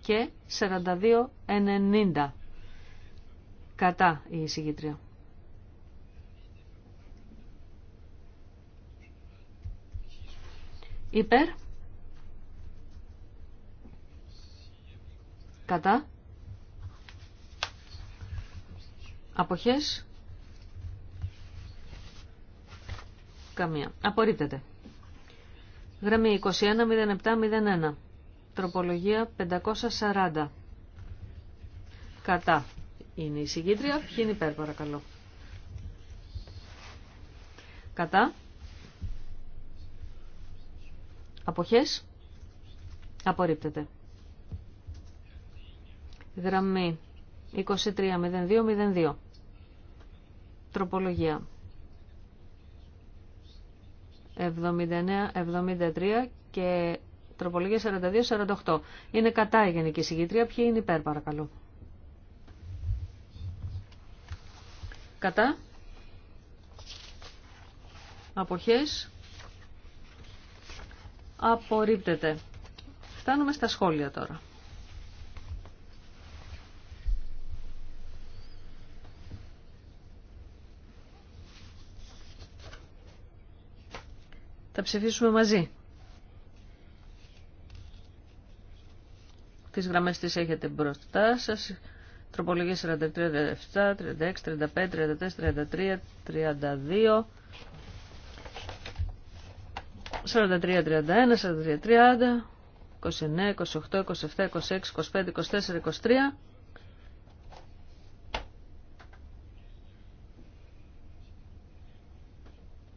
Και 42.90. Κατά η εισηγήτρια. Υπέρ. Κατά. Αποχές. Καμία. Απορρίπτεται. Γραμμή 210701. Τροπολογία 540. Κατά. Είναι η συγκίτρια. Ποιοι είναι υπέρ παρακαλώ. Κατά. Αποχές. Απορρίπτεται. Γραμμή 230202 τροπολογία. 79-73 και τροπολογία 42-48. Είναι κατά η Γενική Συγκήτρια. Ποιοι είναι υπέρ παρακαλώ. Κατά. Αποχές. Απορρίπτεται. Φτάνουμε στα σχόλια τώρα. Θα ψηφίσουμε μαζί. Τις γραμμές τις έχετε μπροστά σας. Τροπολογίες 43, 37, 36, 35, 34, 33, 32... 43, 31, 43, 30, 29, 28, 27, 26, 25, 24, 23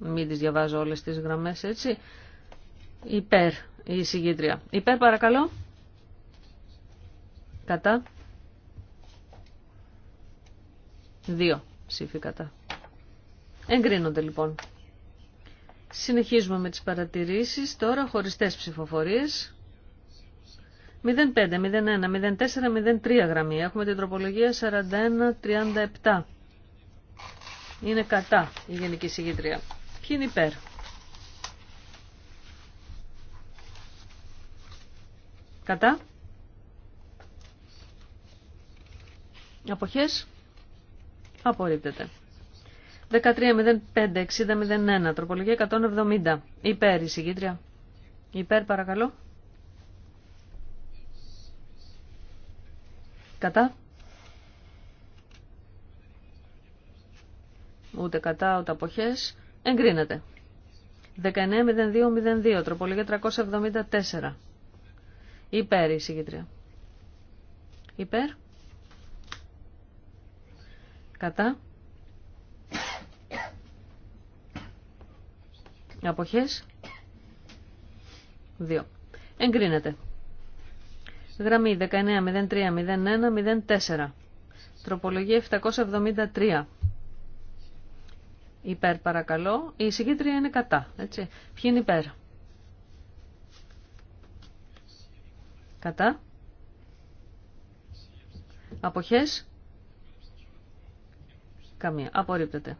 Μην τις διαβάζω όλες τις γραμμές έτσι. Υπέρ η συγκίτρια. Υπέρ παρακαλώ. Κατά. Δύο ψήφοι κατά. Εγκρίνονται λοιπόν. Συνεχίζουμε με τις παρατηρήσεις. Τώρα χωριστές ψηφοφορίες. 05, 01, 04, 03 γραμμή. Έχουμε την τροπολογία 41, 37. Είναι κατά η Γενική συγκίτρια. Ποιοι είναι υπέρ. Κατά. Αποχές. Απορρίπτεται. 13.05.60.01. Τροπολογία 170. Υπέρ, εισηγήτρια. Υπέρ, παρακαλώ. Κατά. Ούτε κατά, ούτε αποχές. Εγκρίνεται. 19.02.02. Τροπολογία 374. Υπέρ η συγκεντρία. Υπέρ. Κατά. Αποχές. Δύο. Εγκρίνεται. Γραμμή 19.03.01.04. Τροπολογία 773. Υπέρ παρακαλώ. Η συγκέντρια είναι κατά. Έτσι. Ποιοι είναι υπέρ. Κατά. Αποχές. Καμία. Απορρίπτεται.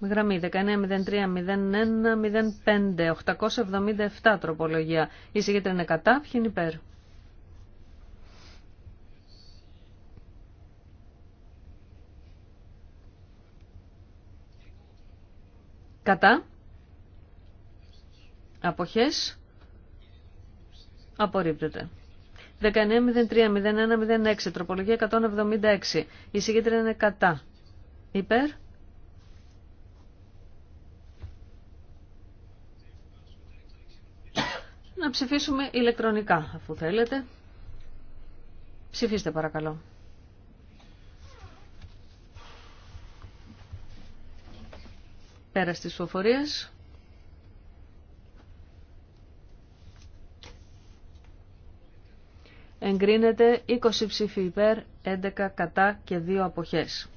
Γραμμή 19.03.01.05.877 877 τροπολογία. Η συγκέντρια είναι κατά. Ποιοι είναι υπέρ. Κατά. Αποχές. Απορρίπτεται. 19.03.01.06. Τροπολογία 176. Η συγκέντρια είναι κατά. Υπέρ. Να ψηφίσουμε ηλεκτρονικά, αφού θέλετε. Ψηφίστε παρακαλώ. Πέρα στις σοφορίες. Εγκρίνεται 20 ψήφοι υπέρ, 11 κατά και 2 αποχές.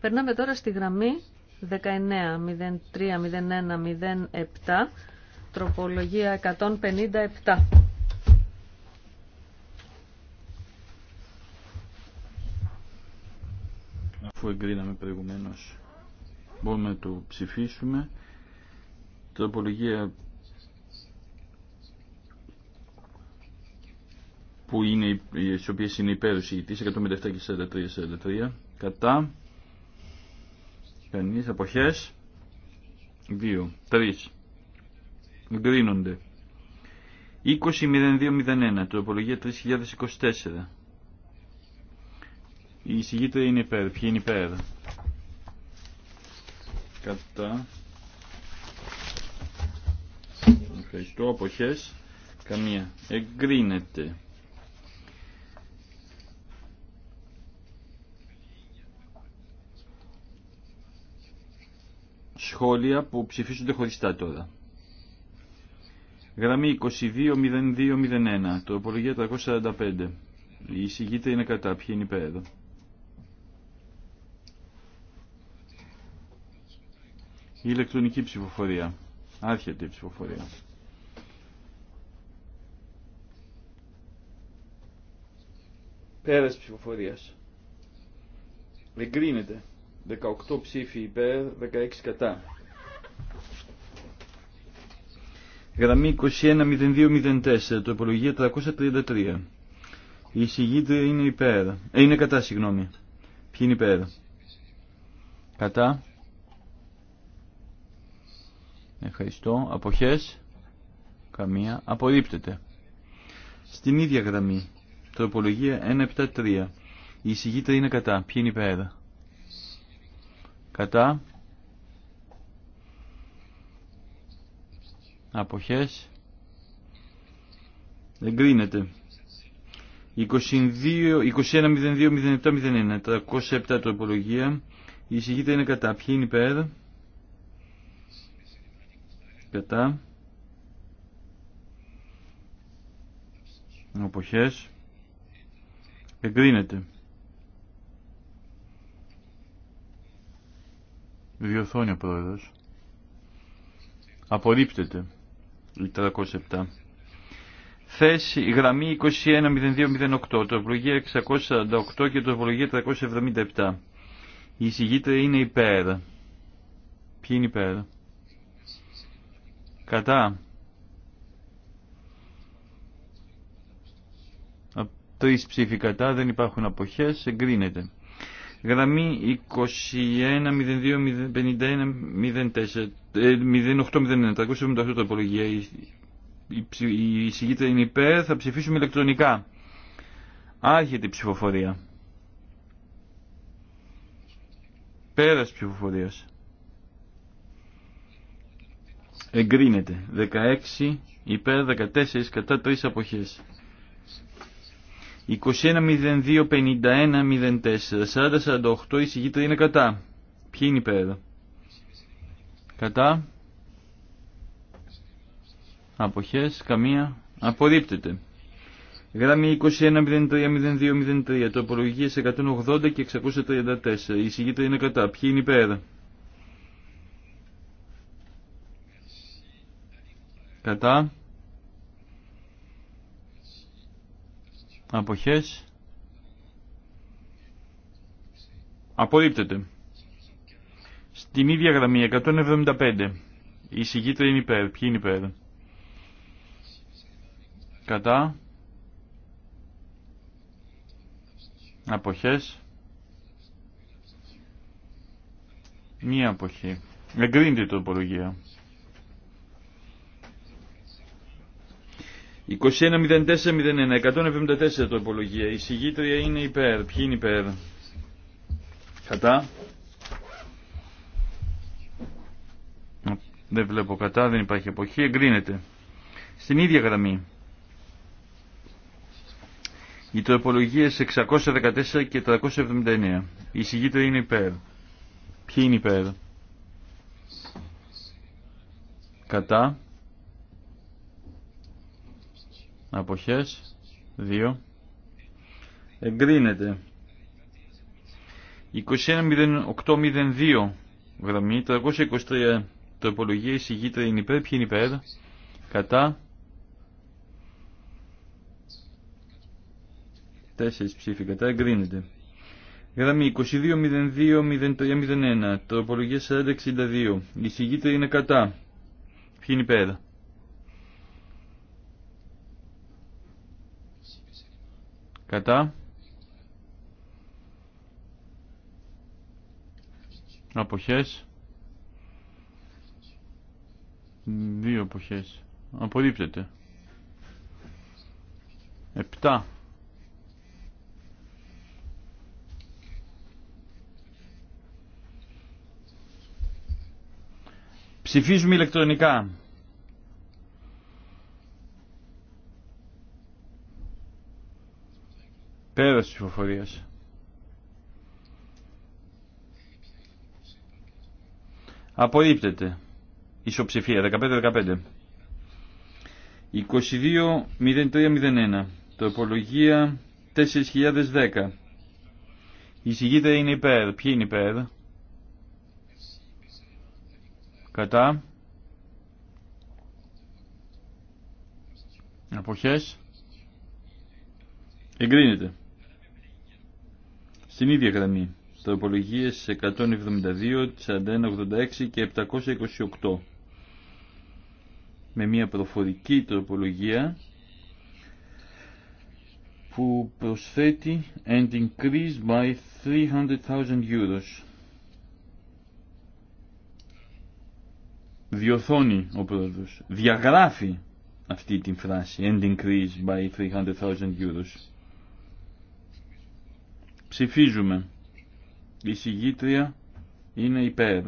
Περνάμε τώρα στη γραμμή 19.03.01.07, τροπολογία 157. αφού εγκρίναμε προηγουμένως μπορούμε να το ψηφίσουμε τροπολογία που είναι, οι οποίες είναι υπέρ ο 157 και 43-43 κατά κανείς αποχές 2, 3 εγκρίνονται 20.02.01 τροπολογία 3024 η εισηγήτρια είναι υπέρ. Ποιοι είναι υπέρ. Κατά. Ευχαριστώ. Αποχές. Καμία. Εγκρίνεται. Σχόλια που ψηφίζονται χωριστά τώρα. Γραμμή 220201, το απολογία 345. Η εισηγήτρια είναι κατά. Ποιοι είναι υπέρ. Η ηλεκτρονική ψηφοφορία. Άρχεται η ψηφοφορία. Πέρας ψηφοφορίας. Εγκρίνεται. 18 ψήφοι υπέρ, 16 κατά. Γραμμή 210204, τοπολογία 333. Η εισηγήτρια είναι υπέρ. Ε, είναι κατά, συγγνώμη. Ποιοι είναι υπέρ. Κατά. Ευχαριστώ. Αποχές. Καμία. Απορρίπτεται. Στην ίδια γραμμή. Τροπολογία 173. Η εισηγήτρια είναι κατά. Ποιοι είναι υπέρ. Κατά. Αποχές. Εγκρίνεται. 21.02.07.01. 307 τροπολογία. Η εισηγήτρια είναι κατά. Ποιοι είναι υπέρ κατά εγκρίνεται διορθώνει ο πρόεδρος απορρίπτεται 307 θέση γραμμή 210208 τροπολογία 648 και το τροπολογία 377 η εισηγήτρια είναι υπέρ ποιοι είναι υπέρ κατά τρεις ψήφοι κατά δεν υπάρχουν αποχές εγκρίνεται γραμμή 21-02-51-04-08-09 ε, η συγκίτρια είναι υπέρ θα ψηφίσουμε ηλεκτρονικά άρχεται η ψηφοφορία πέρας ψηφοφορίας εγκρίνεται. 16 υπέρ 14 κατά 3 αποχές. 04, 40.48 η συγκίτρια είναι κατά. Ποιοι είναι υπέρ. Κατά. Αποχές, καμία. Απορρίπτεται. Γράμμη 21.03.02.03 απολογίες 180 και 634 η είναι κατά. Ποιοι είναι υπέρ. κατά αποχές απορρίπτεται. Στην ίδια γραμμή 175 η συγκίτρια είναι υπέρ. Ποιοι είναι υπέρ. Κατά αποχές μία αποχή. Εγκρίνεται η τροπολογία. 21.04.01. 174 το υπολογία. Η συγγήτρια είναι υπέρ. Ποιοι είναι υπέρ. Κατά. Δεν βλέπω κατά, δεν υπάρχει εποχή. Εγκρίνεται. Στην ίδια γραμμή. Οι είναι 614 και 379. Η συγγήτρια είναι υπέρ. Ποιοι είναι υπέρ. Κατά αποχές 2 εγκρίνεται 21.08.02 γραμμή 323 τροπολογία εισηγήτρια είναι υπέρ ποιοι είναι υπέρ κατά 4 ψήφοι κατά εγκρίνεται Γραμμή 22.02.03.01 Τροπολογία 4062 Η εισηγήτρια είναι κατά Ποιοι είναι υπέρ κατά αποχές δύο αποχές απορρίπτεται επτά. Ψηφίζουμε ηλεκτρονικά. Πέραση της ψηφοφορίας. Απορρίπτεται. Ισοψηφία 15-15. 22-03-01. Τροπολογία 4010. Η είναι υπέρ. Ποιοι είναι υπέρ. Κατά. Αποχές. Εγκρίνεται. Στην ίδια γραμμή, τροπολογίες 172, 4186 και 728 με μια προφορική τροπολογία που προσθέτει and increase by 300.000 euros. Διορθώνει ο πρόεδρος, διαγράφει αυτή την φράση and increase by 300.000 euros. Ψηφίζουμε. Η συγγήτρια είναι υπέρ.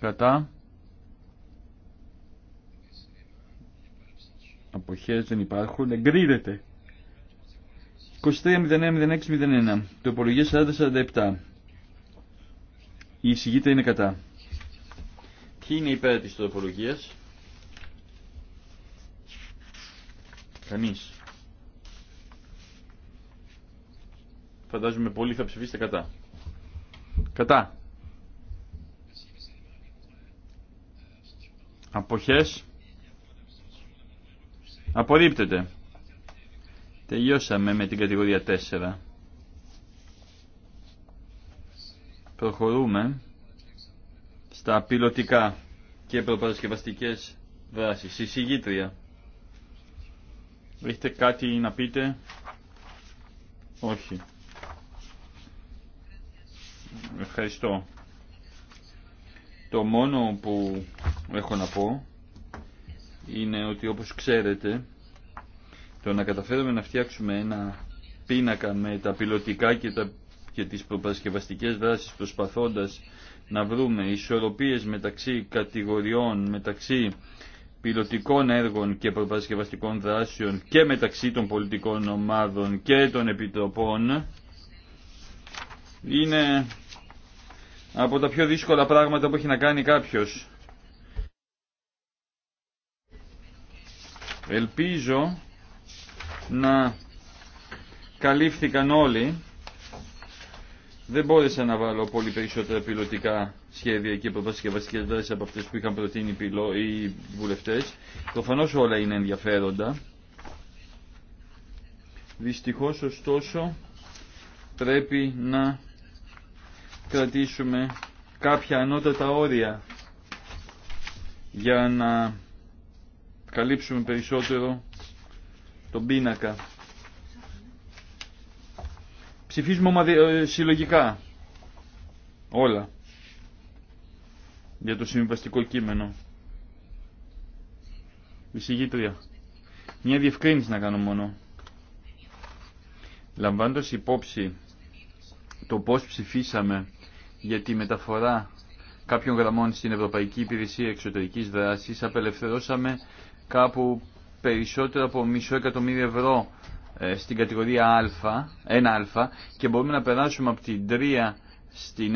Κατά. Αποχές δεν υπάρχουν. Εγκρίνεται. 23.09.06.01. Το υπολογείο 40.47. Η εισηγήτρια είναι κατά. Ποιοι είναι υπέρ της τοπολογίας. Κανείς. Φαντάζομαι πολλοί θα ψηφίσετε κατά. Κατά. Αποχές. Απορρίπτεται. Τελειώσαμε με την κατηγορία 4. Προχωρούμε στα πιλωτικά και προπαρασκευαστικές δράσεις. Συσυγήτρια. Έχετε κάτι να πείτε. Όχι. Ευχαριστώ. Το μόνο που έχω να πω είναι ότι όπως ξέρετε το να καταφέρουμε να φτιάξουμε ένα πίνακα με τα πιλωτικά και, τα, και τις προπαρασκευαστικές δράσεις προσπαθώντας να βρούμε ισορροπίες μεταξύ κατηγοριών, μεταξύ πιλωτικών έργων και προπαρασκευαστικών δράσεων και μεταξύ των πολιτικών ομάδων και των επιτροπών είναι από τα πιο δύσκολα πράγματα που έχει να κάνει κάποιος. Ελπίζω να καλύφθηκαν όλοι. Δεν μπόρεσα να βάλω πολύ περισσότερα πιλωτικά σχέδια και βασικές δράσεις από αυτές που είχαν προτείνει οι βουλευτές. Προφανώς όλα είναι ενδιαφέροντα. Δυστυχώς ωστόσο πρέπει να κρατήσουμε κάποια ανώτατα όρια για να καλύψουμε περισσότερο τον πίνακα. Ψηφίζουμε ε, συλλογικά όλα για το συμβαστικό κείμενο. Εισηγήτρια. Μια διευκρίνηση να κάνω μόνο. Λαμβάνοντας υπόψη το πώς ψηφίσαμε για τη μεταφορά κάποιων γραμμών στην Ευρωπαϊκή Υπηρεσία Εξωτερικής Δράσης απελευθερώσαμε κάπου περισσότερο από μισό εκατομμύριο ευρώ ε, στην κατηγορία Α, 1α και μπορούμε να περάσουμε από την 3 στην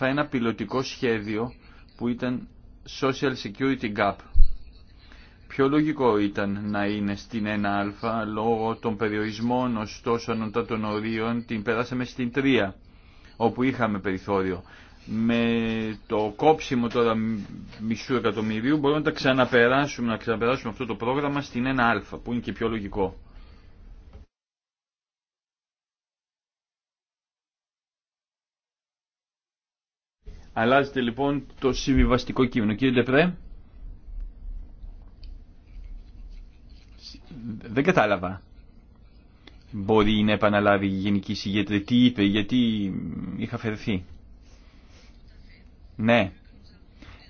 1α ένα πιλωτικό σχέδιο που ήταν Social Security Gap. Πιο λογικό ήταν να είναι στην 1α λόγω των περιορισμών ωστόσο ανωτά των ορίων την περάσαμε στην 3 όπου είχαμε περιθώριο. Με το κόψιμο τώρα μισού εκατομμυρίου μπορούμε να τα ξαναπεράσουμε, να ξαναπεράσουμε αυτό το πρόγραμμα στην 1α που είναι και πιο λογικό. Αλλάζεται λοιπόν το συμβιβαστικό κείμενο. Κύριε Ντεπρέ, δεν κατάλαβα μπορεί να επαναλάβει η Γενική συγγέντρη. τι είπε, γιατί είχα φερθεί. Ναι,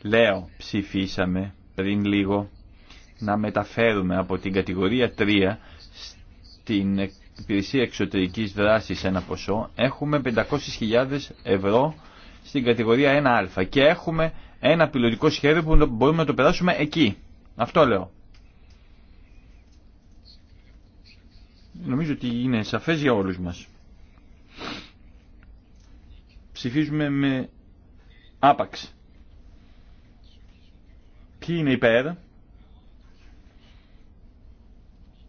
λέω, ψηφίσαμε πριν λίγο να μεταφέρουμε από την κατηγορία 3 στην υπηρεσία εξωτερικής δράσης ένα ποσό. Έχουμε 500.000 ευρώ στην κατηγορία 1α και έχουμε ένα πιλωτικό σχέδιο που μπορούμε να το περάσουμε εκεί. Αυτό λέω. Νομίζω ότι είναι σαφές για όλους μας. Ψηφίζουμε με άπαξ. Ποιοι είναι υπέρ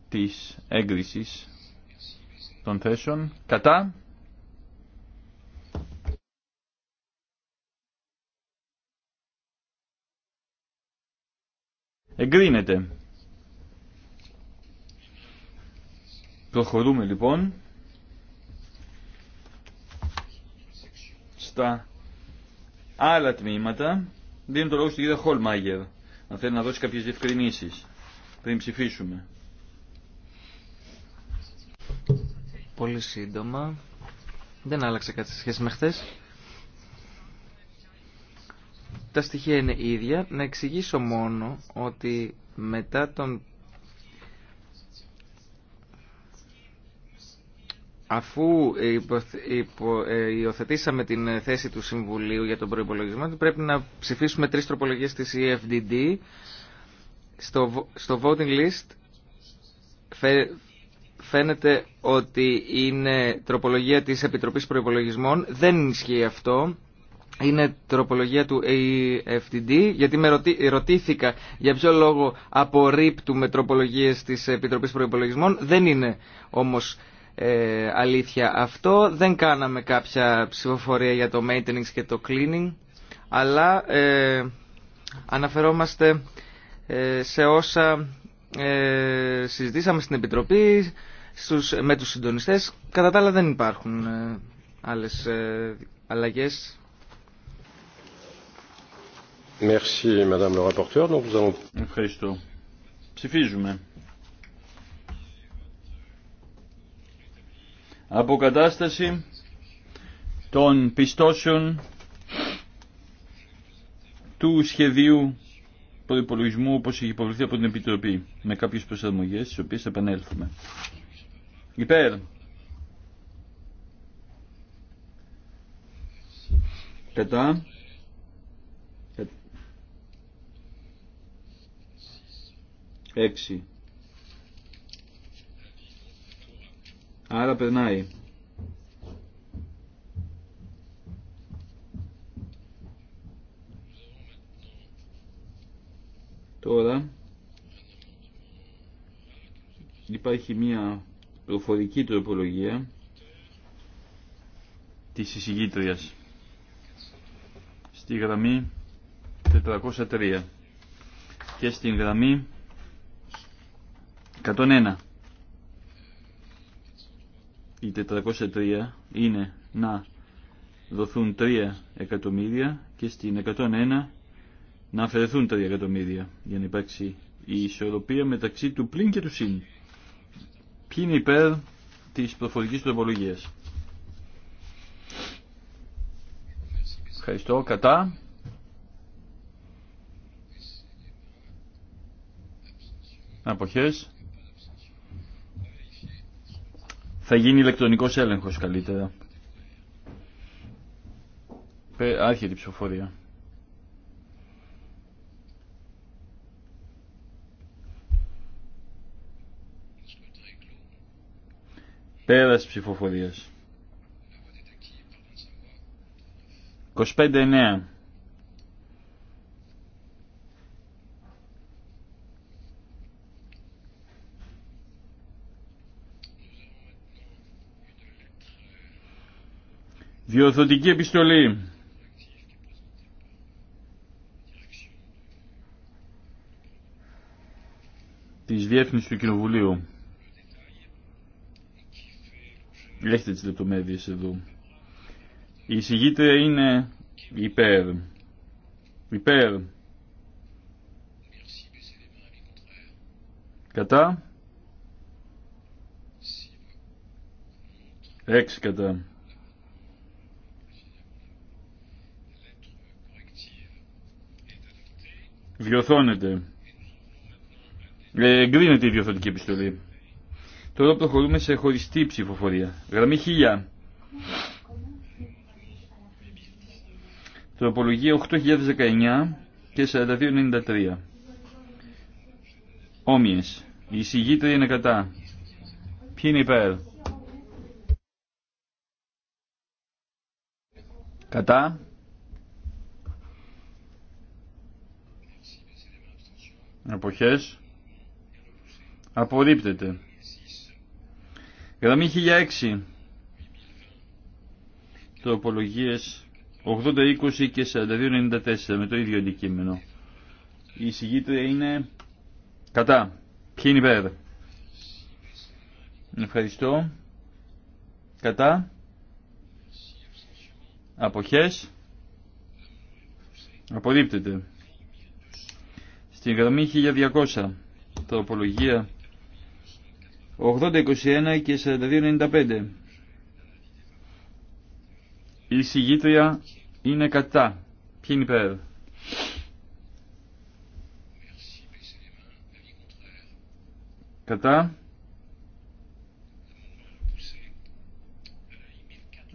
της έγκρισης των θέσεων κατά εγκρίνεται Προχωρούμε λοιπόν στα άλλα τμήματα. Δίνω το λόγο στην κυρία Χολμάγερ, να θέλει να δώσει κάποιε διευκρινήσει. πριν ψηφίσουμε. Πολύ σύντομα. Δεν άλλαξε κάτι σε σχέση με χθε. Τα στοιχεία είναι ίδια. Να εξηγήσω μόνο ότι μετά τον αφού ε, υιοθετήσαμε την θέση του Συμβουλίου για τον προϋπολογισμό, πρέπει να ψηφίσουμε τρεις τροπολογίες της EFDD. Στο, στο voting list φαίνεται ότι είναι τροπολογία της Επιτροπής Προϋπολογισμών. Δεν ισχύει αυτό. Είναι τροπολογία του EFDD. γιατί με ρωτήθηκα για ποιο λόγο απορρίπτουμε τροπολογίες της Επιτροπής Προϋπολογισμών. Δεν είναι όμως ε, αλήθεια αυτό. Δεν κάναμε κάποια ψηφοφορία για το maintenance και το cleaning, αλλά ε, αναφερόμαστε ε, σε όσα συζητήσαμε στην Επιτροπή στους, με τους συντονιστές. Κατά τα άλλα δεν υπάρχουν άλλες αλλαγές. Merci, Madame le rapporteur. Donc, Ευχαριστώ. Ψηφίζουμε. αποκατάσταση των πιστώσεων του σχεδίου προπολογισμού όπως έχει υποβληθεί από την Επιτροπή με κάποιες προσαρμογές στις οποίες επανέλθουμε. Υπέρ. Κατά. Έξι. Άρα περνάει. Τώρα υπάρχει μια προφορική τροπολογία της εισηγήτριας στη γραμμή 403 και στην γραμμή 101 η 403 είναι να δοθούν 3 εκατομμύρια και στην 101 να αφαιρεθούν 3 εκατομμύρια για να υπάρξει η ισορροπία μεταξύ του πλήν και του συν. Ποιοι είναι υπέρ της προφορικής τροπολογίας. Ευχαριστώ. Κατά. Αποχές. Θα γίνει ηλεκτρονικό έλεγχο καλύτερα. Άρχεται την ψηφοφορία. ψηφοφορία. ψηφοφορίας. 25-9. Διορθωτική επιστολή. της διεύθυνσης του Κοινοβουλίου. Έχετε τις λεπτομέρειες εδώ. Η εισηγήτρια είναι υπέρ. Υπέρ. Κατά. Έξι κατά. Διορθώνεται. Ε, εγκρίνεται η διορθωτική επιστολή. Τώρα προχωρούμε σε χωριστή ψηφοφορία. Γραμμή 1000. Τροπολογία 8019 και 4293. Όμοιες. Η εισηγήτρια είναι κατά. Ποιοι είναι υπέρ. Κατά. Αποχές. Απορρίπτεται. Γραμμή 1006. Τροπολογίες 80-20 και 42-94 με το ίδιο αντικείμενο. Η εισηγήτρια είναι κατά. Ποιοι είναι υπέρ. Ευχαριστώ. Κατά. Αποχές. Απορρίπτεται. Στη γραμμή 1200, τροπολογία 8021 και 4295. Η συγγήτρια είναι κατά. Ποιοι είναι υπέρ. Κατά.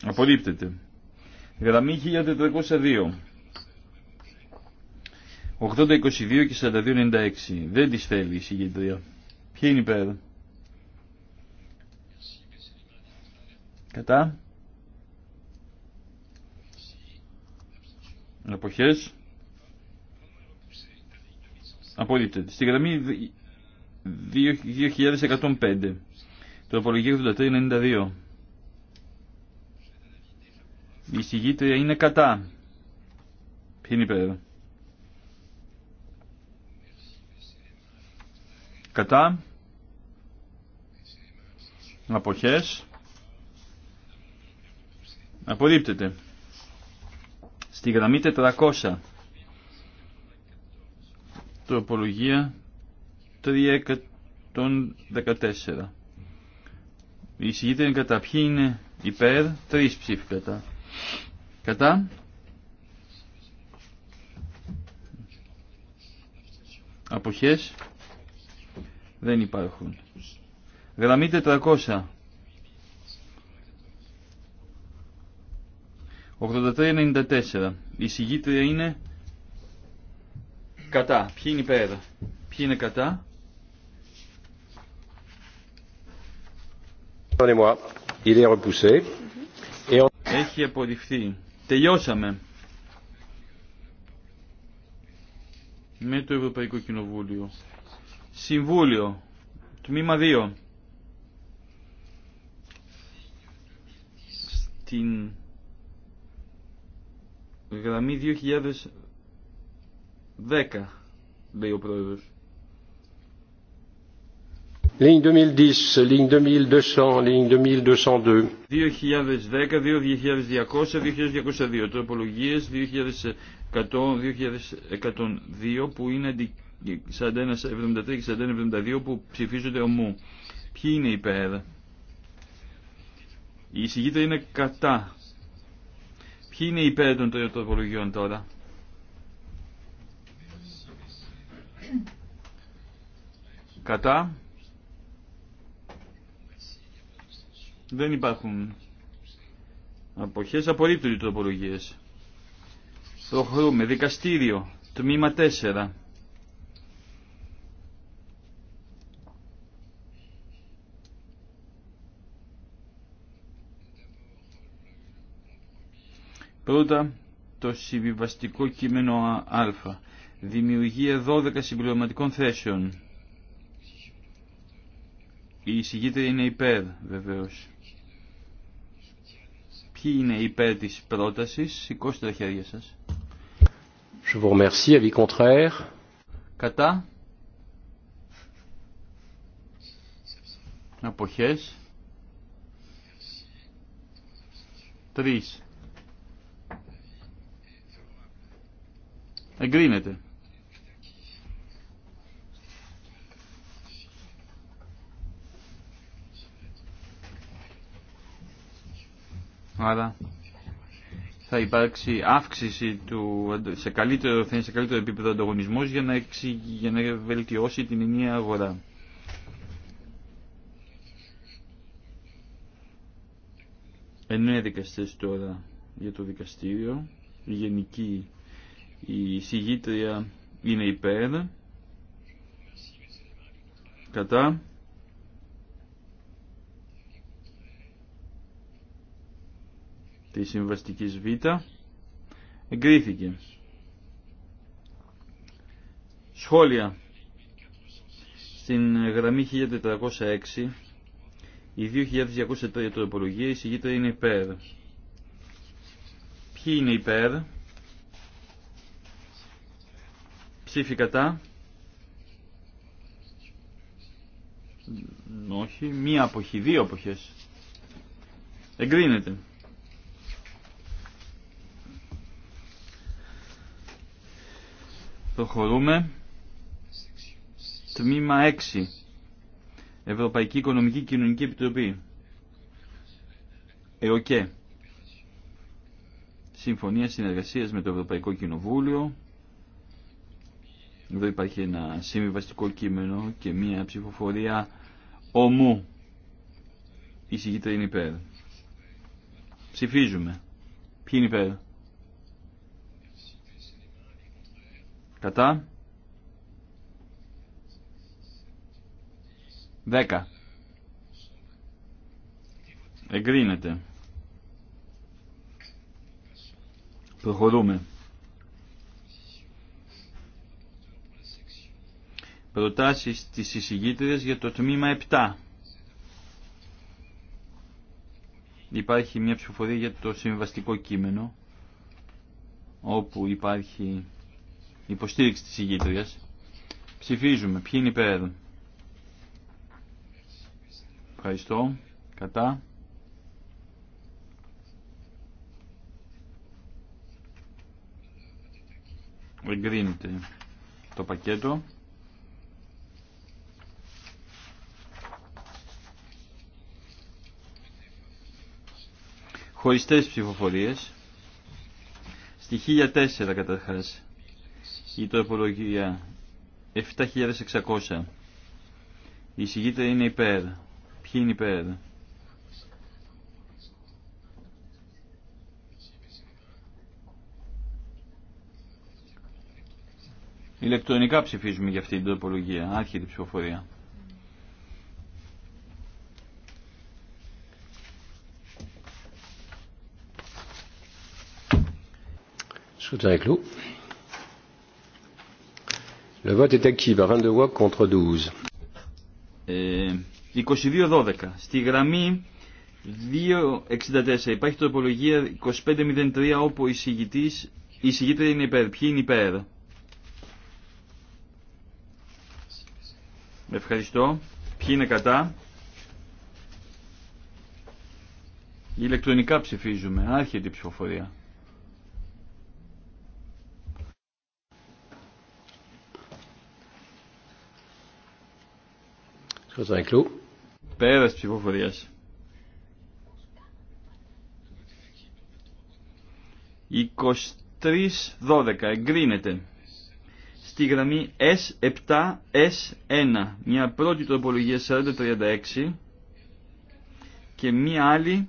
απολύπτεται Γραμμή 1402. 80-22 και 42-96. Δεν τις θέλει η συγκεντρία. Ποιοι είναι υπέρ. Κατά. Εποχές. Απορρίπτεται. Στη γραμμή 2105. Το 83 83-92. Η συγκεντρία είναι κατά. Ποιοι είναι υπέρ. κατά αποχές απορρίπτεται στη γραμμή 400 τροπολογία 314 η κατά ποιοι είναι υπέρ τρεις ψήφοι κατά κατά αποχές δεν υπάρχουν. Γραμμή 400. 83-94. Η συγγήτρια είναι κατά. Ποιοι είναι πέρα. Ποιοι είναι κατά. Έχει απορριφθεί. Τελειώσαμε. Με το Ευρωπαϊκό Κοινοβούλιο. Συμβούλιο, τμήμα 2. Στην γραμμή 2010, λέει ο πρόεδρος. Ligne 2010, ligne 2200, ligne 2202. 2010, 2200, 2202. Τροπολογίες 2100, 2102 που είναι αντικείμενο 41-73 και 41-72 που ψηφίζονται ομού. Ποιοι είναι υπέρ. Η εισηγήτρια είναι κατά. Ποιοι είναι υπέρ των τροπολογιών τώρα. Κατά. Δεν υπάρχουν αποχές. Απορρίπτουν οι τροπολογίες. Προχωρούμε. Δικαστήριο. Τμήμα 4. Πρώτα, το συμβιβαστικό κείμενο Α. Δημιουργία 12 συμπληρωματικών θέσεων. Η εισηγήτρια είναι υπέρ, βεβαίως. Ποιοι είναι υπέρ της πρότασης, σηκώστε τα χέρια σας. Je vous remercie, contraire. Κατά. Αποχές. Τρεις. Εγκρίνεται. Άρα θα υπάρξει αύξηση του, σε καλύτερο, θα είναι επίπεδο ανταγωνισμό για, να για να βελτιώσει την ενιαία αγορά. Εννέα δικαστές τώρα για το δικαστήριο, η γενική η συγγήτρια είναι υπέρ. Κατά. Τη συμβαστική Β. Εγκρίθηκε. Σχόλια. Στην γραμμή 1406 η 2203 τροπολογία η συγγήτρια είναι υπέρ. Ποιοι είναι υπέρ. Ψήφι κατά. Όχι, μία αποχή, δύο αποχές. Εγκρίνεται. Προχωρούμε. Τμήμα 6. Ευρωπαϊκή Οικονομική Κοινωνική Επιτροπή. ΕΟΚΕ. Συμφωνία Συνεργασίας με το Ευρωπαϊκό Κοινοβούλιο εδώ υπάρχει ένα συμβιβαστικό κείμενο και μία ψηφοφορία ομού. Η συγκεκριμένη είναι υπέρ. Ψηφίζουμε. Ποιοι είναι υπέρ. Κατά. Δέκα. Εγκρίνεται. Προχωρούμε. προτάσεις της εισηγήτριας για το τμήμα 7. Υπάρχει μια ψηφοφορία για το συμβαστικό κείμενο όπου υπάρχει υποστήριξη της εισηγήτριας. Ψηφίζουμε. Ποιοι είναι υπέρ. Ευχαριστώ. Κατά. Εγκρίνεται το πακέτο. χωριστές ψηφοφορίες. Στη 1004 καταρχάς η τροπολογία 7600. Η συγκίτρια είναι υπέρ. Ποιοι είναι υπέρ. Ηλεκτρονικά ψηφίζουμε για αυτή την τροπολογία, άρχιτη ψηφοφορία. Scrutin est clos. Le vote est actif à 22 voix contre 12. Ε, 22-12. Στη γραμμή 2-64 υπάρχει τροπολογία 25-03 όπου η συγγητής η συγγήτρια είναι υπέρ. Ποιοι είναι υπέρ. Ευχαριστώ. Ποιοι είναι κατά. Ηλεκτρονικά ψηφίζουμε. Άρχεται η ψηφοφορία. Πέρας ψηφοφορίας. 23-12 εγκρίνεται στη γραμμή S7-S1 μια πρώτη τροπολογία 4036 και μια άλλη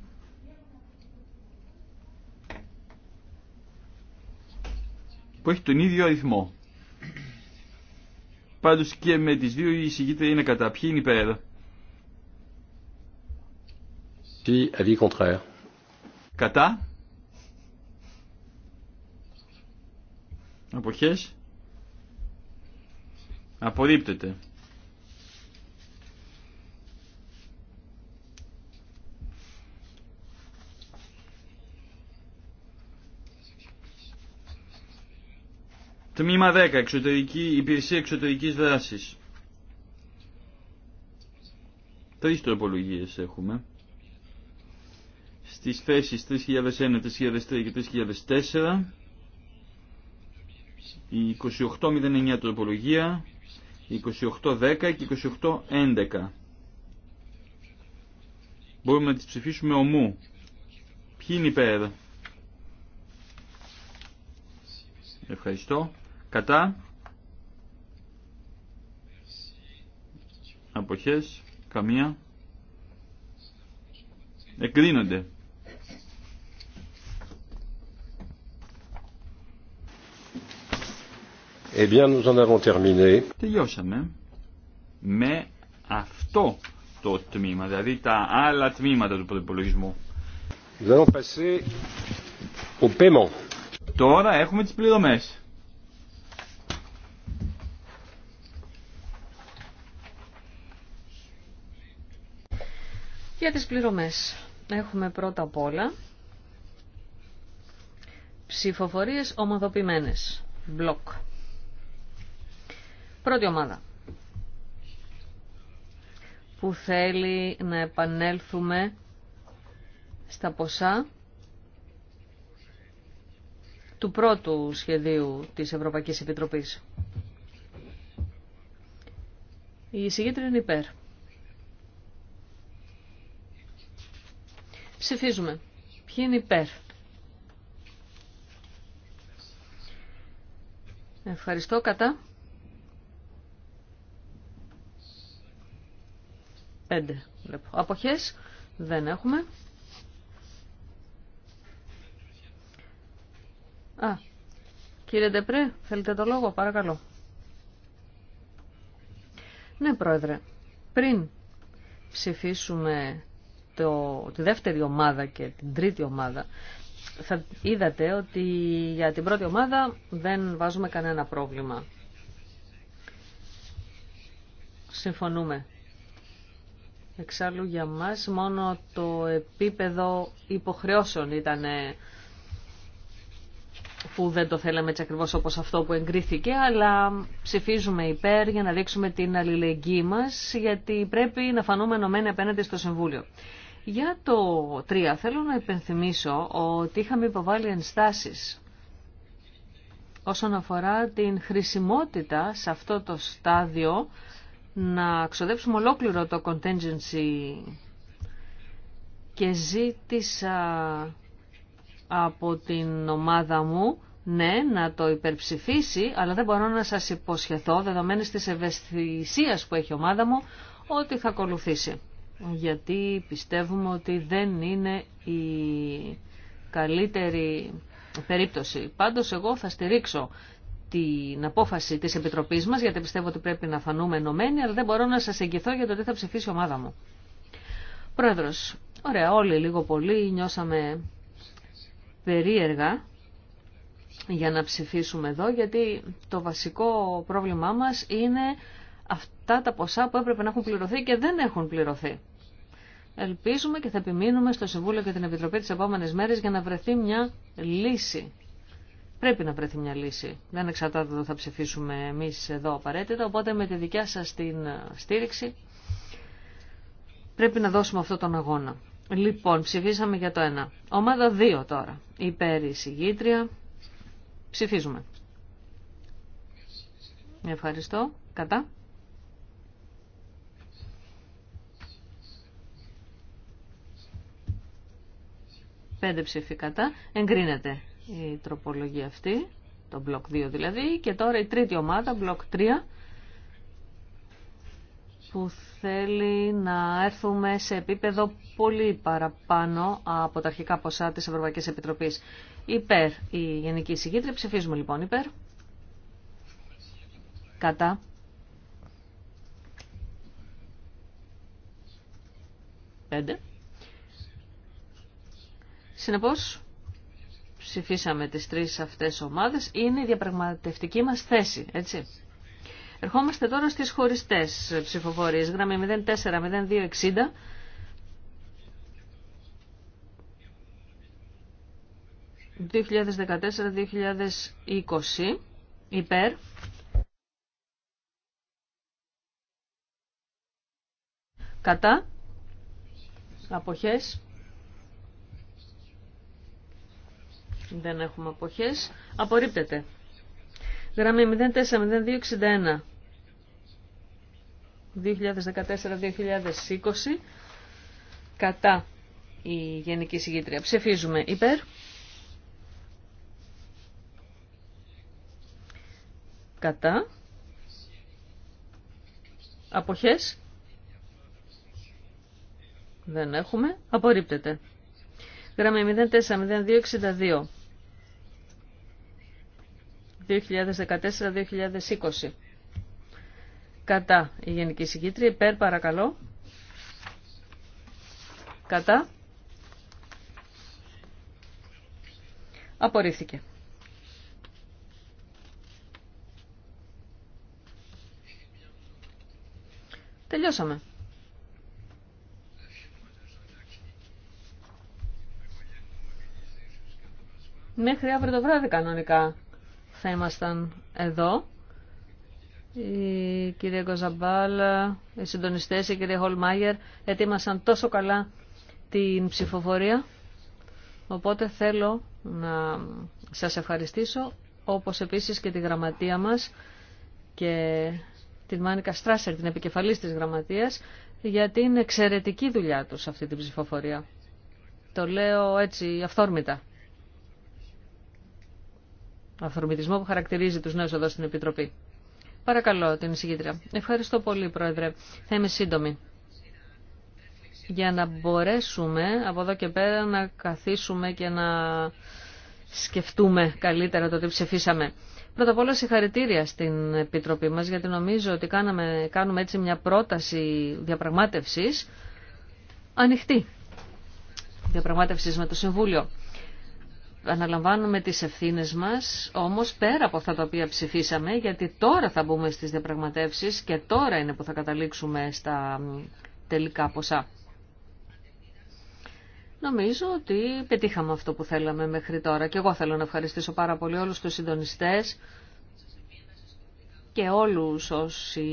που έχει τον ίδιο αριθμό Πάντω και με τις δύο η συγκίτρια είναι κατά. Ποιοι είναι υπέρ. Τι, Κατά. Αποχές. Απορρίπτεται. Τμήμα 10. Εξωτερική, υπηρεσία εξωτερικής δράσης. Τρεις τροπολογίες έχουμε. Στις θέσεις 3001, 3003 και 3004. Η 2809 τροπολογία. Η 2810 και η 2811. Μπορούμε να τις ψηφίσουμε ομού. Ποιοι είναι υπέρ. Ευχαριστώ κατά αποχές καμία εκκρίνονται. Eh bien, Τελειώσαμε με αυτό το τμήμα, δηλαδή τα άλλα τμήματα του προπολογισμού. Τώρα έχουμε τις πληρωμές. Για τις πληρωμές έχουμε πρώτα απ' όλα ψηφοφορίες ομαδοποιημένες, μπλοκ. Πρώτη ομάδα που θέλει να επανέλθουμε στα ποσά του πρώτου σχεδίου της Ευρωπαϊκής Επιτροπής. Η εισηγήτρια είναι Ψηφίζουμε. Ποιοι είναι υπέρ. Ευχαριστώ. Κατά. Πέντε. Λοιπόν. Αποχές δεν έχουμε. Α, κύριε Ντεπρέ, θέλετε το λόγο, παρακαλώ. Ναι, πρόεδρε, πριν ψηφίσουμε το, τη δεύτερη ομάδα και την τρίτη ομάδα, θα είδατε ότι για την πρώτη ομάδα δεν βάζουμε κανένα πρόβλημα. Συμφωνούμε. Εξάλλου για μας μόνο το επίπεδο υποχρεώσεων ήταν ε, που δεν το θέλαμε έτσι ακριβώς όπως αυτό που εγκρίθηκε, αλλά ψηφίζουμε υπέρ για να δείξουμε την αλληλεγγύη μας, γιατί πρέπει να φανούμε ενωμένοι απέναντι στο Συμβούλιο. Για το 3 θέλω να υπενθυμίσω ότι είχαμε υποβάλει ενστάσεις όσον αφορά την χρησιμότητα σε αυτό το στάδιο να ξοδέψουμε ολόκληρο το contingency και ζήτησα από την ομάδα μου ναι, να το υπερψηφίσει, αλλά δεν μπορώ να σας υποσχεθώ, δεδομένης της ευαισθησίας που έχει η ομάδα μου, ότι θα ακολουθήσει γιατί πιστεύουμε ότι δεν είναι η καλύτερη περίπτωση. Πάντως εγώ θα στηρίξω την απόφαση της Επιτροπής μας, γιατί πιστεύω ότι πρέπει να φανούμε ενωμένοι, αλλά δεν μπορώ να σας εγγυθώ για το τι θα ψηφίσει η ομάδα μου. Πρόεδρος, ωραία, όλοι λίγο πολύ νιώσαμε περίεργα για να ψηφίσουμε εδώ, γιατί το βασικό πρόβλημά μας είναι αυτά τα ποσά που έπρεπε να έχουν πληρωθεί και δεν έχουν πληρωθεί. Ελπίζουμε και θα επιμείνουμε στο Συμβούλιο και την Επιτροπή τις επόμενες μέρες για να βρεθεί μια λύση. Πρέπει να βρεθεί μια λύση. Δεν εξαρτάται το θα ψηφίσουμε εμείς εδώ απαραίτητα, οπότε με τη δικιά σας την στήριξη πρέπει να δώσουμε αυτό τον αγώνα. Λοιπόν, ψηφίσαμε για το 1. Ομάδα 2 τώρα. Υπέρ η συγγήτρια. Ψηφίζουμε. Ευχαριστώ. Κατά. Πέντε ψηφίκατα κατά. Εγκρίνεται η τροπολογία αυτή, το μπλοκ 2 δηλαδή. Και τώρα η τρίτη ομάδα, μπλοκ 3, που θέλει να έρθουμε σε επίπεδο πολύ παραπάνω από τα αρχικά ποσά της Ευρωπαϊκής Επιτροπής. Υπέρ η Γενική Συγκήτρια. Ψηφίζουμε λοιπόν υπέρ. Κατά. Πέντε. Συνεπώς, ψηφίσαμε τις τρεις αυτές ομάδες, είναι η διαπραγματευτική μας θέση, έτσι. Ερχόμαστε τώρα στις χωριστές ψηφοφορίες, 040260, ...2014-2020 υπέρ κατά αποχές Δεν έχουμε αποχές. Απορρίπτεται. Γραμμή 040261. 2014-2020 κατά η Γενική Συγγήτρια. Ψηφίζουμε υπέρ. Κατά. Αποχές. Δεν έχουμε. Απορρίπτεται. Γραμμή 040262. 2014-2020. Κατά η Γενική Συγκήτρια. Υπέρ παρακαλώ. Κατά. Απορρίφθηκε. Τελειώσαμε. Μέχρι αύριο το βράδυ κανονικά θα ήμασταν εδώ. Η κυρία Κοζαμπάλα, οι συντονιστές, η κυρία Χολμάγερ ετοίμασαν τόσο καλά την ψηφοφορία. Οπότε θέλω να σας ευχαριστήσω, όπως επίσης και τη γραμματεία μας και την Μάνικα Στράσερ, την επικεφαλής της γραμματείας, για την εξαιρετική δουλειά τους αυτή την ψηφοφορία. Το λέω έτσι αυθόρμητα αυθορμητισμό που χαρακτηρίζει τους νέους εδώ στην Επιτροπή. Παρακαλώ την εισηγήτρια. Ευχαριστώ πολύ, Πρόεδρε. Θα είμαι σύντομη. Για να μπορέσουμε από εδώ και πέρα να καθίσουμε και να σκεφτούμε καλύτερα το τι ψηφίσαμε. Πρώτα απ' όλα συγχαρητήρια στην Επιτροπή μας, γιατί νομίζω ότι κάναμε, κάνουμε έτσι μια πρόταση διαπραγμάτευσης ανοιχτή. Διαπραγμάτευσης με το Συμβούλιο αναλαμβάνουμε τις ευθύνες μας, όμως πέρα από αυτά τα οποία ψηφίσαμε, γιατί τώρα θα μπούμε στις διαπραγματεύσεις και τώρα είναι που θα καταλήξουμε στα τελικά ποσά. Νομίζω ότι πετύχαμε αυτό που θέλαμε μέχρι τώρα και εγώ θέλω να ευχαριστήσω πάρα πολύ όλους τους συντονιστές και όλους όσοι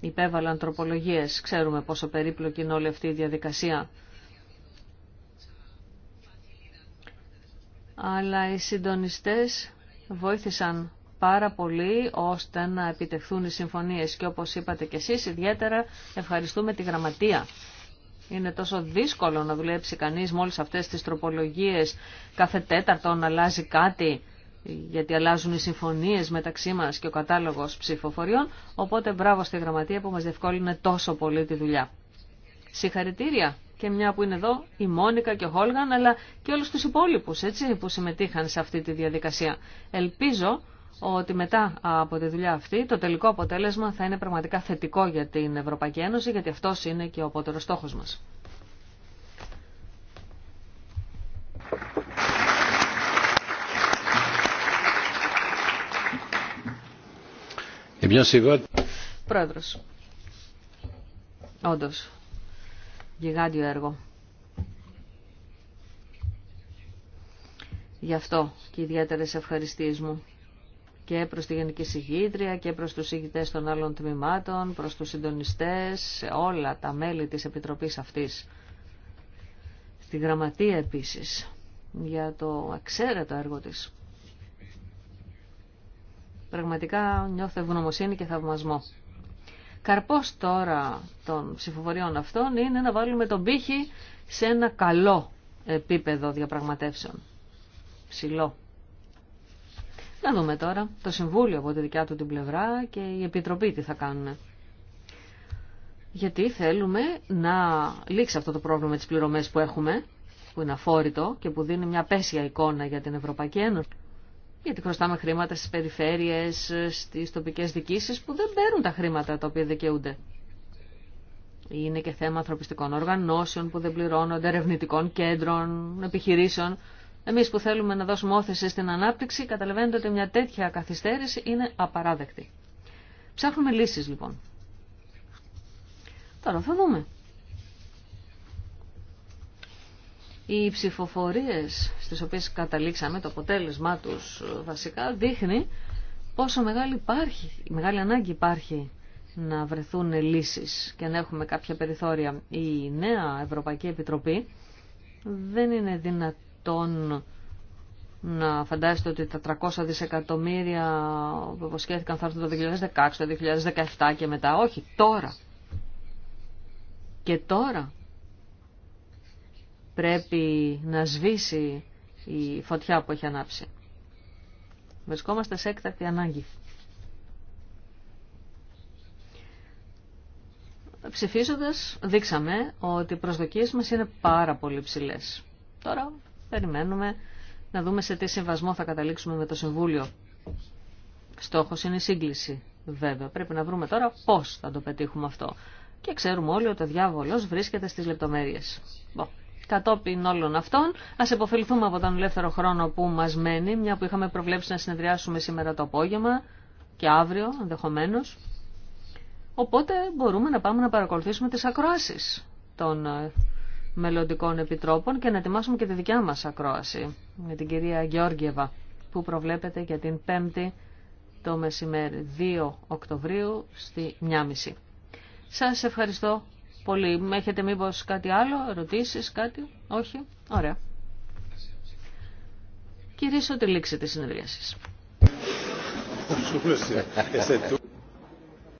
υπέβαλαν τροπολογίες. Ξέρουμε πόσο περίπλοκη είναι όλη αυτή η διαδικασία. αλλά οι συντονιστές βοήθησαν πάρα πολύ ώστε να επιτευχθούν οι συμφωνίες και όπως είπατε και εσείς ιδιαίτερα ευχαριστούμε τη γραμματεία. Είναι τόσο δύσκολο να δουλέψει κανείς με όλες αυτές τις τροπολογίες κάθε τέταρτο να αλλάζει κάτι γιατί αλλάζουν οι συμφωνίες μεταξύ μας και ο κατάλογος ψηφοφοριών, οπότε μπράβο στη γραμματεία που μας διευκόλυνε τόσο πολύ τη δουλειά. Συγχαρητήρια και μια που είναι εδώ, η Μόνικα και ο Χόλγαν, αλλά και όλους τους υπόλοιπους έτσι, που συμμετείχαν σε αυτή τη διαδικασία. Ελπίζω ότι μετά από τη δουλειά αυτή το τελικό αποτέλεσμα θα είναι πραγματικά θετικό για την Ευρωπαϊκή Ένωση, γιατί αυτός είναι και ο πότερος στόχος μας. Ε, Πρόεδρος, όντως, γιγάντιο έργο. Γι' αυτό και ιδιαίτερε ευχαριστίες μου και προς τη Γενική Συγκίτρια και προς τους ηγητές των άλλων τμήματων, προς τους συντονιστές, όλα τα μέλη της Επιτροπής αυτής. Στη Γραμματεία επίσης, για το αξέρετο έργο της. Πραγματικά νιώθω ευγνωμοσύνη και θαυμασμό. Καρπός τώρα των ψηφοφοριών αυτών είναι να βάλουμε τον πύχη σε ένα καλό επίπεδο διαπραγματεύσεων. Ψηλό. Να δούμε τώρα το Συμβούλιο από τη δικιά του την πλευρά και η Επιτροπή τι θα κάνουν. Γιατί θέλουμε να λύξει αυτό το πρόβλημα με τις πληρωμές που έχουμε, που είναι αφόρητο και που δίνει μια πέσια εικόνα για την Ευρωπαϊκή Ένωση γιατί χρωστάμε χρήματα στις περιφέρειες, στις τοπικές δικήσεις που δεν παίρνουν τα χρήματα τα οποία δικαιούνται. Είναι και θέμα ανθρωπιστικών οργανώσεων που δεν πληρώνονται, ερευνητικών κέντρων, επιχειρήσεων. Εμείς που θέλουμε να δώσουμε όθεση στην ανάπτυξη, καταλαβαίνετε ότι μια τέτοια καθυστέρηση είναι απαράδεκτη. Ψάχνουμε λύσεις λοιπόν. Τώρα θα δούμε Οι ψηφοφορίες στις οποίες καταλήξαμε, το αποτέλεσμά τους ε, βασικά, δείχνει πόσο μεγάλη, υπάρχει, μεγάλη ανάγκη υπάρχει να βρεθούν λύσεις και να έχουμε κάποια περιθώρια. Η νέα Ευρωπαϊκή Επιτροπή δεν είναι δυνατόν να φαντάζεστε ότι τα 300 δισεκατομμύρια που υποσχέθηκαν θα έρθουν το 2016, το 2017 και μετά. Όχι, τώρα. Και τώρα πρέπει να σβήσει η φωτιά που έχει ανάψει. Βρισκόμαστε σε έκτακτη ανάγκη. Ψηφίζοντας δείξαμε ότι οι προσδοκίες μας είναι πάρα πολύ ψηλές. Τώρα περιμένουμε να δούμε σε τι συμβασμό θα καταλήξουμε με το Συμβούλιο. Στόχος είναι η σύγκληση βέβαια. Πρέπει να βρούμε τώρα πώς θα το πετύχουμε αυτό. Και ξέρουμε όλοι ότι ο διάβολος βρίσκεται στις λεπτομέρειες. Κατόπιν όλων αυτών, α επωφεληθούμε από τον ελεύθερο χρόνο που μα μένει, μια που είχαμε προβλέψει να συνεδριάσουμε σήμερα το απόγευμα και αύριο ενδεχομένω. Οπότε μπορούμε να πάμε να παρακολουθήσουμε τι ακρόασει των ε, μελλοντικών επιτρόπων και να ετοιμάσουμε και τη δικιά μα ακρόαση με την κυρία Γεώργιεβα που προβλέπεται για την 5η το μεσημέρι 2 Οκτωβρίου στη 1.30. Σας ευχαριστώ πολύ. Έχετε μήπως κάτι άλλο, ερωτήσεις, κάτι, όχι, ωραία. Κυρίσω τη λήξη της συνεδρίασης.